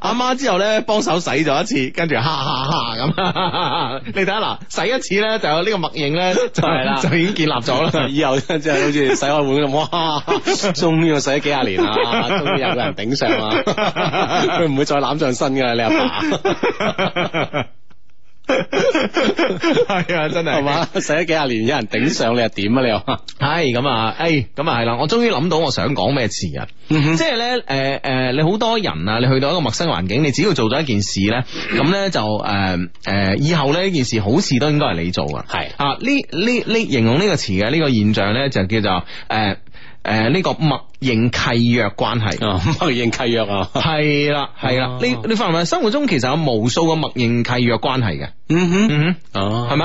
阿 媽之後咧幫手洗咗一次，跟住哈哈哈咁。你睇下嗱，洗一次咧就有個墨呢個默認咧，就係、是、啦 就已經建立咗啦。 以後即係好似洗開碗咁，哇！終於洗咗幾廿年啊，終於有個人頂上啊！佢唔會再攬上身噶，你阿爸，爸。係 啊，真係係嘛，寫咗 幾廿年，有人頂上你又點啊？你 又： 「係咁啊？哎，咁啊係啦！我終於諗到我想講咩詞啊！即係咧，誒、呃、誒、呃，你好多人啊，你去到一個陌生嘅環境，你只要做咗一件事咧，咁咧 就誒誒、呃呃，以後咧呢件事好事都應該係你做 是的 啊！係啊，呢呢呢形容呢個詞嘅呢、這個現象咧，就叫做誒。呃誒，呢、呃，這個默認契約關係，哦、默認契約啊，係啦， 係啦，啊、你你發現是是生活中其實有無數嘅默認契約關係嘅、啊，嗯哼，嗯哼，哦，係咪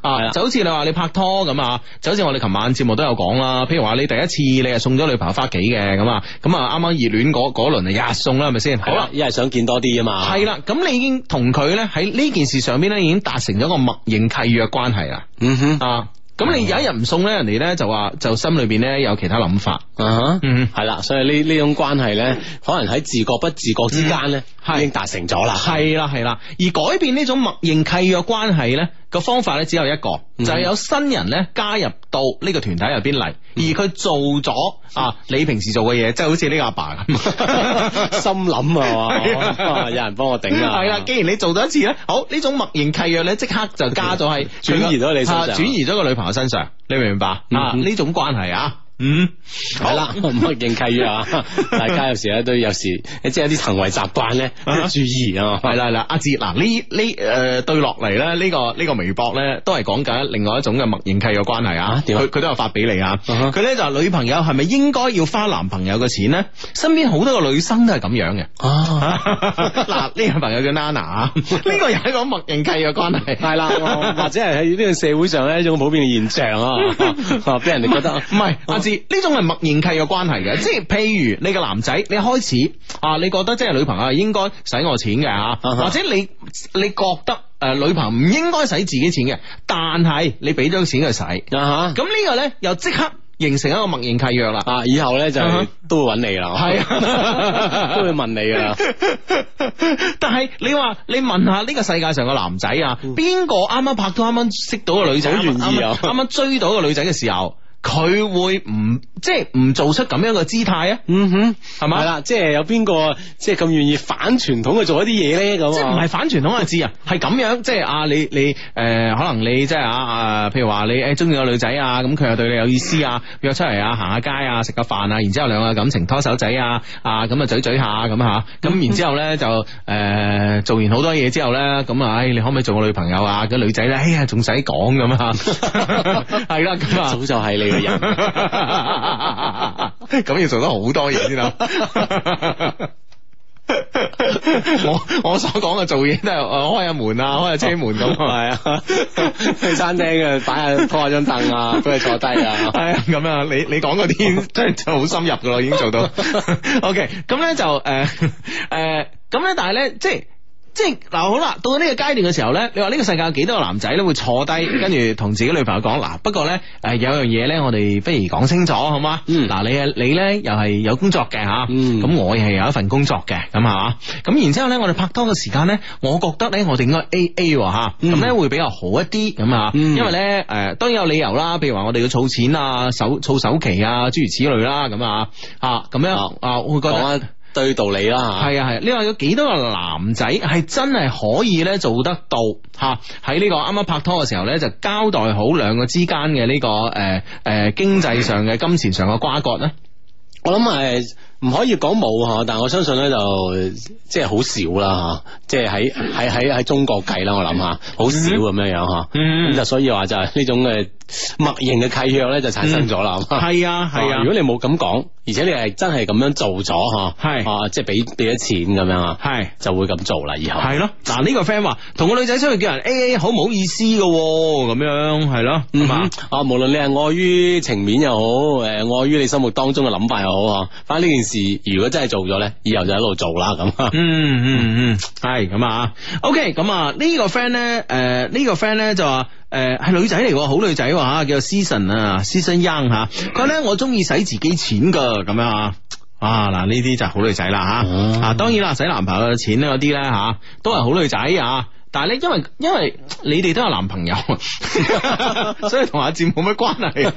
啊？就好似你話你拍拖咁啊，就好似我哋琴晚節目都有講啦，譬如話你第一次你係送咗女朋友返屋企嘅咁啊，咁啊啱啱熱戀嗰嗰輪啊日日送啦，係咪先？好啦，一係想見多啲啊嘛，係啦， 咁你已經同佢咧喺呢件事上邊咧已經達成咗個默認契約關係啦，嗯哼。 咁你有一日唔送咧，人哋咧就話就心裏邊咧有其他諗法啊，吓、uh huh. 嗯，係啦，所以呢呢種關係咧，可能喺自覺不自覺之間咧。Uh huh. 已經達成咗啦，係啦係啦，而改變呢種默認契約關係咧個方法咧只有一個，嗯、就係有新人咧加入到呢個團體入邊嚟，嗯、而佢做咗啊，你平時做嘅嘢，即係好似呢個阿爸咁， 心諗啊，的啊，有人幫我頂、啊。係啦，既然你做咗一次咧，好呢種默認契約咧，即刻就加咗係轉移咗你身上，轉、啊、移咗個女朋友身上，你明唔明白？呢、嗯啊、種關係、啊。嗯，係啦，默認契啊，大家有時咧都有時，即係一啲行為習慣咧，注意啊，係啦係啦，阿哲嗱呢呢誒對落嚟咧，呢個呢個微博咧，都係講緊另外一種嘅默認契嘅關係啊，佢佢都有發俾你啊，佢咧就話女朋友係咪應該要花男朋友嘅錢咧？身邊好多個女生都係咁樣嘅啊，嗱呢個朋友叫 Nana 啊，呢個又係一個默認契嘅關係，係啦，或者係喺呢個社會上咧一種普遍嘅現象啊，俾人哋覺得唔係呢種係默認契約關係嘅，即係譬如你個男仔，你開始啊你覺得即係女朋友應該使我錢嘅吓，或者你你覺得誒女朋友唔應該使自己錢嘅，但係你俾咗錢佢使，咁呢個呢，又即刻形成一個默認契約啦，以後呢，就都會揾你啦，係都會問你噶。但係你話你問下呢個世界上個男仔，邊個啱啱拍拖，啱啱識到個女仔，願意啱啱追到個女仔嘅時候？佢會唔即係唔做出咁樣嘅姿態啊？嗯哼，係咪吧？係啦、就是就是，即係有邊個即係咁願意反傳統去做一啲嘢咧？咁即係唔係反傳統嘅字，係咁樣，即係啊你你誒、呃，可能你即係啊，譬如話你誒中意個女仔啊，咁，佢又對你有意思，啊，約出嚟啊，行下街啊，食個飯，然之後兩個感情拖手仔啊咁啊咀咀下咁吓，咁然之後咧就誒做完好多嘢之後咧咁，啊，咀咀啊呃哎、你可唔可以做我女朋友啊？嗰女仔咧，哎呀仲使講咁啊？係啦，咁啊 早就係你。咁 要做到好多嘢先啦！我我所講嘅做嘢都係開下門啊，開下車門咁係啊， 去餐廳嘅擺下、拖下張凳啊，俾你坐低啊，咁啊、 哎！你你講嗰啲真係好深入噶咯，已經做到。OK，咁咧就誒誒，咁、呃、咧但係咧即係。即係嗱，好啦，到呢個階段嘅時候咧，你話呢個世界有幾多個男仔咧會坐低，嗯、跟住同自己女朋友講嗱，不過咧，誒有樣嘢咧，我哋不如講清楚，好嘛？嗯，嗱，你啊，你咧又係有工作嘅吓，咁、嗯、我亦係有一份工作嘅，咁係咁然之後咧，我哋拍拖嘅時間咧，我覺得咧，我哋應該 A A 吓，咁咧會比較好一啲，咁啊，因為咧，誒、呃、當然有理由啦，譬如話我哋要儲錢啊，首儲首期啊，諸如此類啦，咁啊啊咁樣，樣啊，我、啊、覺得。對道理啦，係啊係，呢個、啊、有幾多個男仔係真係可以咧做得到吓，喺呢、啊、個啱啱拍拖嘅時候咧就交代好兩個之間嘅呢個誒誒、呃、經濟上嘅金錢上嘅瓜葛咧。我諗係唔可以講冇吓，但係我相信咧就即係好少啦吓，即係喺喺喺喺中國計啦，我諗下好少咁樣樣吓，咁就、嗯、哼所以話就係呢種嘅默認嘅契約咧就產生咗啦，係啊係啊，啊如果你冇咁講。而且你係真係咁樣做咗嗬，係是，哦、啊，即係俾俾咗錢咁樣，係是，就會咁做啦，以後係咯。嗱、啊，呢、這個 friend 話同個女仔出去叫人 A A，、欸、好唔好意思噶、哦，咁樣係咯。咁、嗯、哼啊，無論你係礙於情面又好，誒，礙於你心目當中嘅諗法又好，嗬、啊，反正呢件事如果真係做咗咧，以後就喺度做啦，咁、嗯。嗯嗯嗯，係咁、嗯的 okay, 啊。OK，咁啊呢、呃這個 friend 咧，誒呢個 friend 咧就話。誒，係、呃、女仔嚟喎，好女仔吓，叫做 Season、啊，Season young 吓。佢咧，我中意使自己錢噶，咁樣啊，嗱呢啲就好女仔啦吓。啊，啊，當然啦，使男朋友嘅錢嗰啲咧吓，都係好女仔啊。嗱咧，因為因為你哋都有男朋友， 所以同阿占冇乜關係。呢、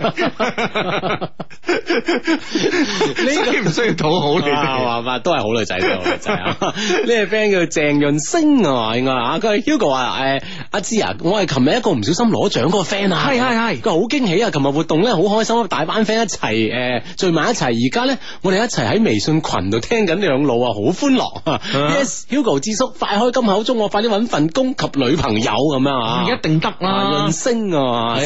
那個唔 需要討好你哋，話法、啊啊啊啊、都係好女仔， 都好女仔。呢個 friend 叫鄭潤星啊嘛，應該啊。佢 Hugo 話、呃：誒、啊，阿、啊、芝啊，我係琴日，一個唔小心攞獎嗰個 friend 啊，係係係，佢好驚喜啊！琴日活動咧好開心，大班 friend 一齊誒、呃、聚埋一齊，而家咧我哋一齊喺微信群度聽緊兩路啊，好歡樂。Yes，Hugo 智叔，快開金口中，我快啲搵份工。及女朋友咁樣，一定得啦，潤升，得啦，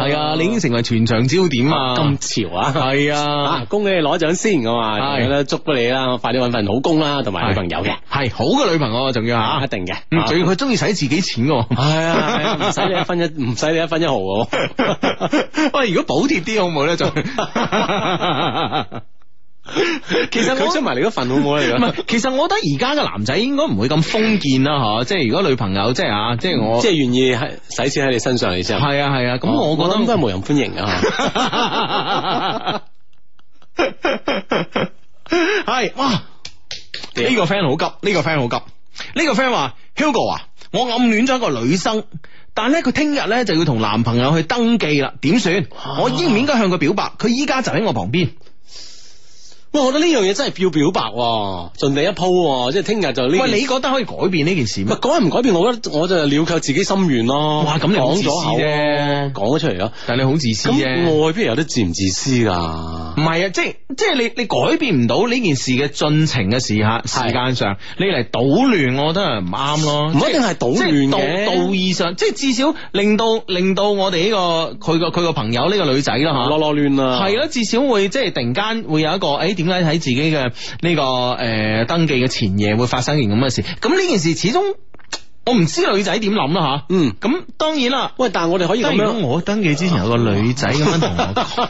係啊，你已經成為全場焦點，咁潮啊，係啊，恭喜你攞獎先，㗎嘛，係啦，祝你啦，快啲揾份好工啦，同埋女朋友嘅，係好嘅女朋友，仲要吓，一定嘅，仲要佢中意使自己錢，係啊，唔使你一分一，唔使你一分一毫，喂，如果補貼啲好唔好咧？就。 其實我出埋嚟嗰份好唔好啊？唔係， 其實我覺得而家嘅男仔應該唔會咁封建啦，嗬！即係如果女朋友即係吓，即係我即係願意係使錢喺你身上，你知係啊係啊，咁、啊、我覺得應該係冇人歡迎嘅係 哇，呢 Yeah. 個 friend 好急，呢、呢個 friend 好急，呢、呢個 friend 話，Hugo 啊，我暗戀咗一個女生，但係咧佢聽日咧就要同男朋友去登記啦，點算？ 我應唔應該向佢表白？佢依家就喺我旁邊。我覺得呢樣嘢真係要表白，盡地一鋪，即係聽日就呢。喂，你覺得可以改變呢件事？唔改唔改變，我覺得我就了卻自己心願咯。哇，咁你講咗啫，講咗出嚟咯。但係你好自私啫。愛邊有得自唔自私噶？唔係啊，即係即係你你改變唔到呢件事嘅進程嘅時下時間上，你嚟搗亂，我覺得係唔啱咯。唔一定係搗亂嘅，道義上，即係至少令到令到我哋呢個佢個佢個朋友呢個女仔啦吓，落落亂啦。係咯，至少會即係突然間會有一個誒點解喺自己嘅呢、這個誒、呃、登記嘅前夜會發生件咁嘅事？咁呢件事始終。我唔知女仔點諗啦吓，啊、嗯，咁當然啦，喂，但係我哋可以咁樣。我登記之前有個女仔咁樣同我講，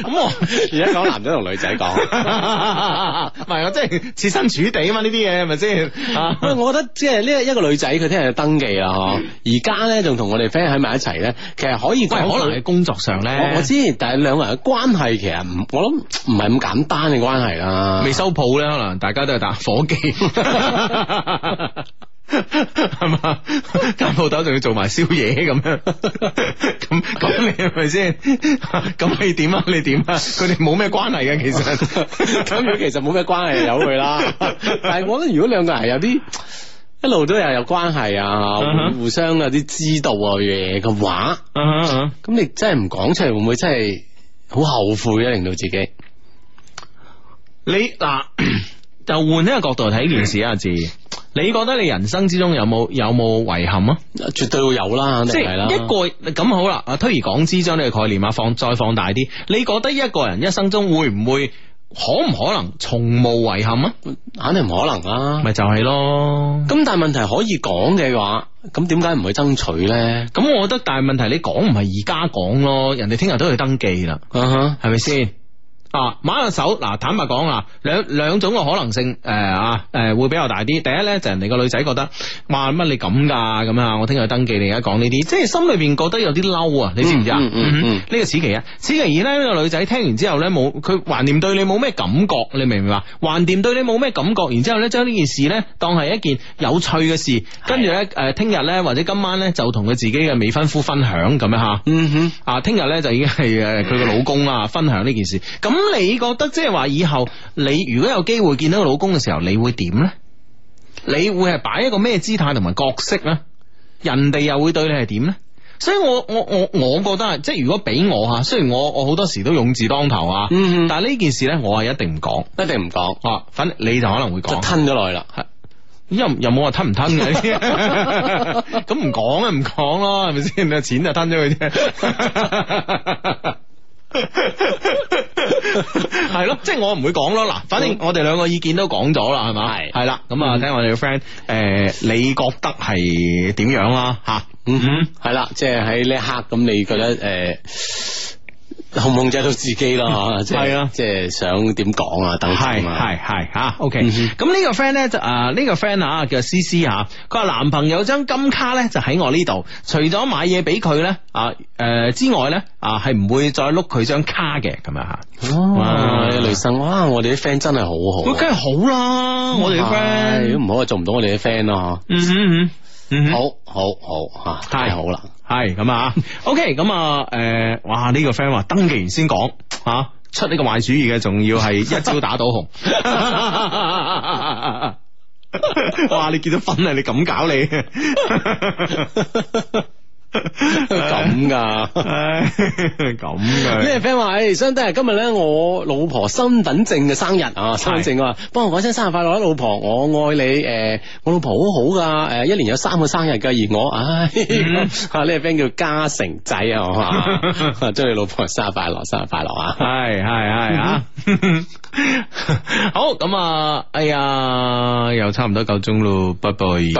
咁 我而家講男仔同女仔講，唔係我即係設身處地嘛、就是、 啊嘛呢啲嘢係咪先？喂，我覺得即係呢一個女仔佢聽日就登記啊嗬，而家咧仲同我哋 friend 喺埋一齊咧，其實可以。喂，可能喺能工作上咧。我我知，但係兩個人嘅關係其實唔，我諗唔係咁簡單嘅關係啦。未收鋪咧，可能大家都係打伙計。 係嘛，間鋪頭仲要做埋宵夜咁樣，咁咁 你係咪先？咁你點啊你點啊？佢哋冇咩關係嘅，其實咁佢其實冇咩關係，由佢啦。但係我覺得，如果兩個人有啲一路都有有關係啊、uh huh. 互相有啲知道啊嘢嘅話咁、uh huh. 你真係唔講出嚟，、uh huh. 會唔會真係好後悔啊，令到自己你嗱、啊、 就換一個角度睇件事阿志。啊你覺得你人生之中有冇有冇遺憾啊？絕對會有啦，定啦即係一個咁好啦，推而廣之，將呢個概念啊放再放大啲。你覺得一個人一生中會唔會可唔可能從無遺憾啊？肯定唔可能啊，咪就係咯。咁但係問題可以講嘅話，咁點解唔去爭取呢？咁我覺得，但係問題你講唔係而家講咯，人哋聽日都去登記啦，係咪先？Huh. 啊，馬下手嗱、啊，坦白講啊，兩兩種嘅可能性，誒、呃、啊，誒、呃、會比較大啲。第一咧就人哋個女仔覺得，哇乜你咁噶咁樣，我聽日登記你而家講呢啲，即係心裏邊覺得有啲嬲啊，你知唔知啊？呢個此其一此其二咧，呢、這個女仔聽完之後咧冇，佢橫掂對你冇咩感覺，你明唔明啊？橫掂對你冇咩感覺，然之後咧將呢件事咧當係一件有趣嘅事，跟住咧誒聽日咧或者今晚咧就同佢自己嘅未婚夫分享咁樣吓。嗯哼。啊，聽日咧就已經係誒佢嘅老公啦，分享呢件事，咁、啊。咁，你覺得即係話以後你如果有機會見到個老公嘅時候，你會點咧？你會係擺一個咩姿態同埋角色咧？人哋又會對你係點咧？所以我我我我覺得即係如果俾我吓，雖然我我好多時都勇字當頭啊，嗯、但係呢件事咧，我係一定唔講，一定唔講啊！反正你就可能會講吞咗落去啦，又又冇話吞唔吞嘅，咁唔講啊，唔講咯，係咪先？有 錢就吞咗佢啫。 係咯，即係我唔會講咯。嗱，反正我哋兩個意見都講咗啦，係嘛？係，係啦。咁啊，聽我哋嘅 friend，誒，你覺得係點樣啊？吓，嗯哼，係啦，即係喺呢一刻，咁你覺得誒？紅毛仔到自己咯，即係即係想點講 啊？等係係係吓，OK、嗯哼。咁呢、呃這個 friend 咧就啊，呢個 friend 啊叫 C C 啊，佢話男朋友張金卡咧就喺我呢度，除咗買嘢俾佢咧啊誒之外咧啊係唔會再碌佢張卡嘅咁樣吓。哦、哇、哎，雷生，哇，我哋啲 friend 真係好、啊、好，佢梗係好啦，我哋啲 friend 如果唔好做唔到我哋啲 friend 咯。嗯嗯嗯。嗯、mm hmm.，好好好，啊、太好啦，係咁啊 ，OK，咁誒、啊呃，哇，呢、這個 friend 話登記完先講，吓、啊、出呢個壞主意嘅，仲要係一朝打倒紅， 哇，你結到婚啊，你咁搞你？ 咁噶，咁噶，呢個 friend 話：誒，兄弟，今日咧我老婆身份證嘅生日啊，身份證，幫、啊、我講聲生日快樂啦，老婆，我愛你。誒、呃，我老婆好好噶，誒、呃，一年有三個生日噶，而我，哎、 啊，呢個 friend 叫嘉誠仔啊，我話，祝你老婆生日快樂，生日快樂，係係係啊，好，咁、啊，哎呀，又差唔多夠鐘咯，拜拜。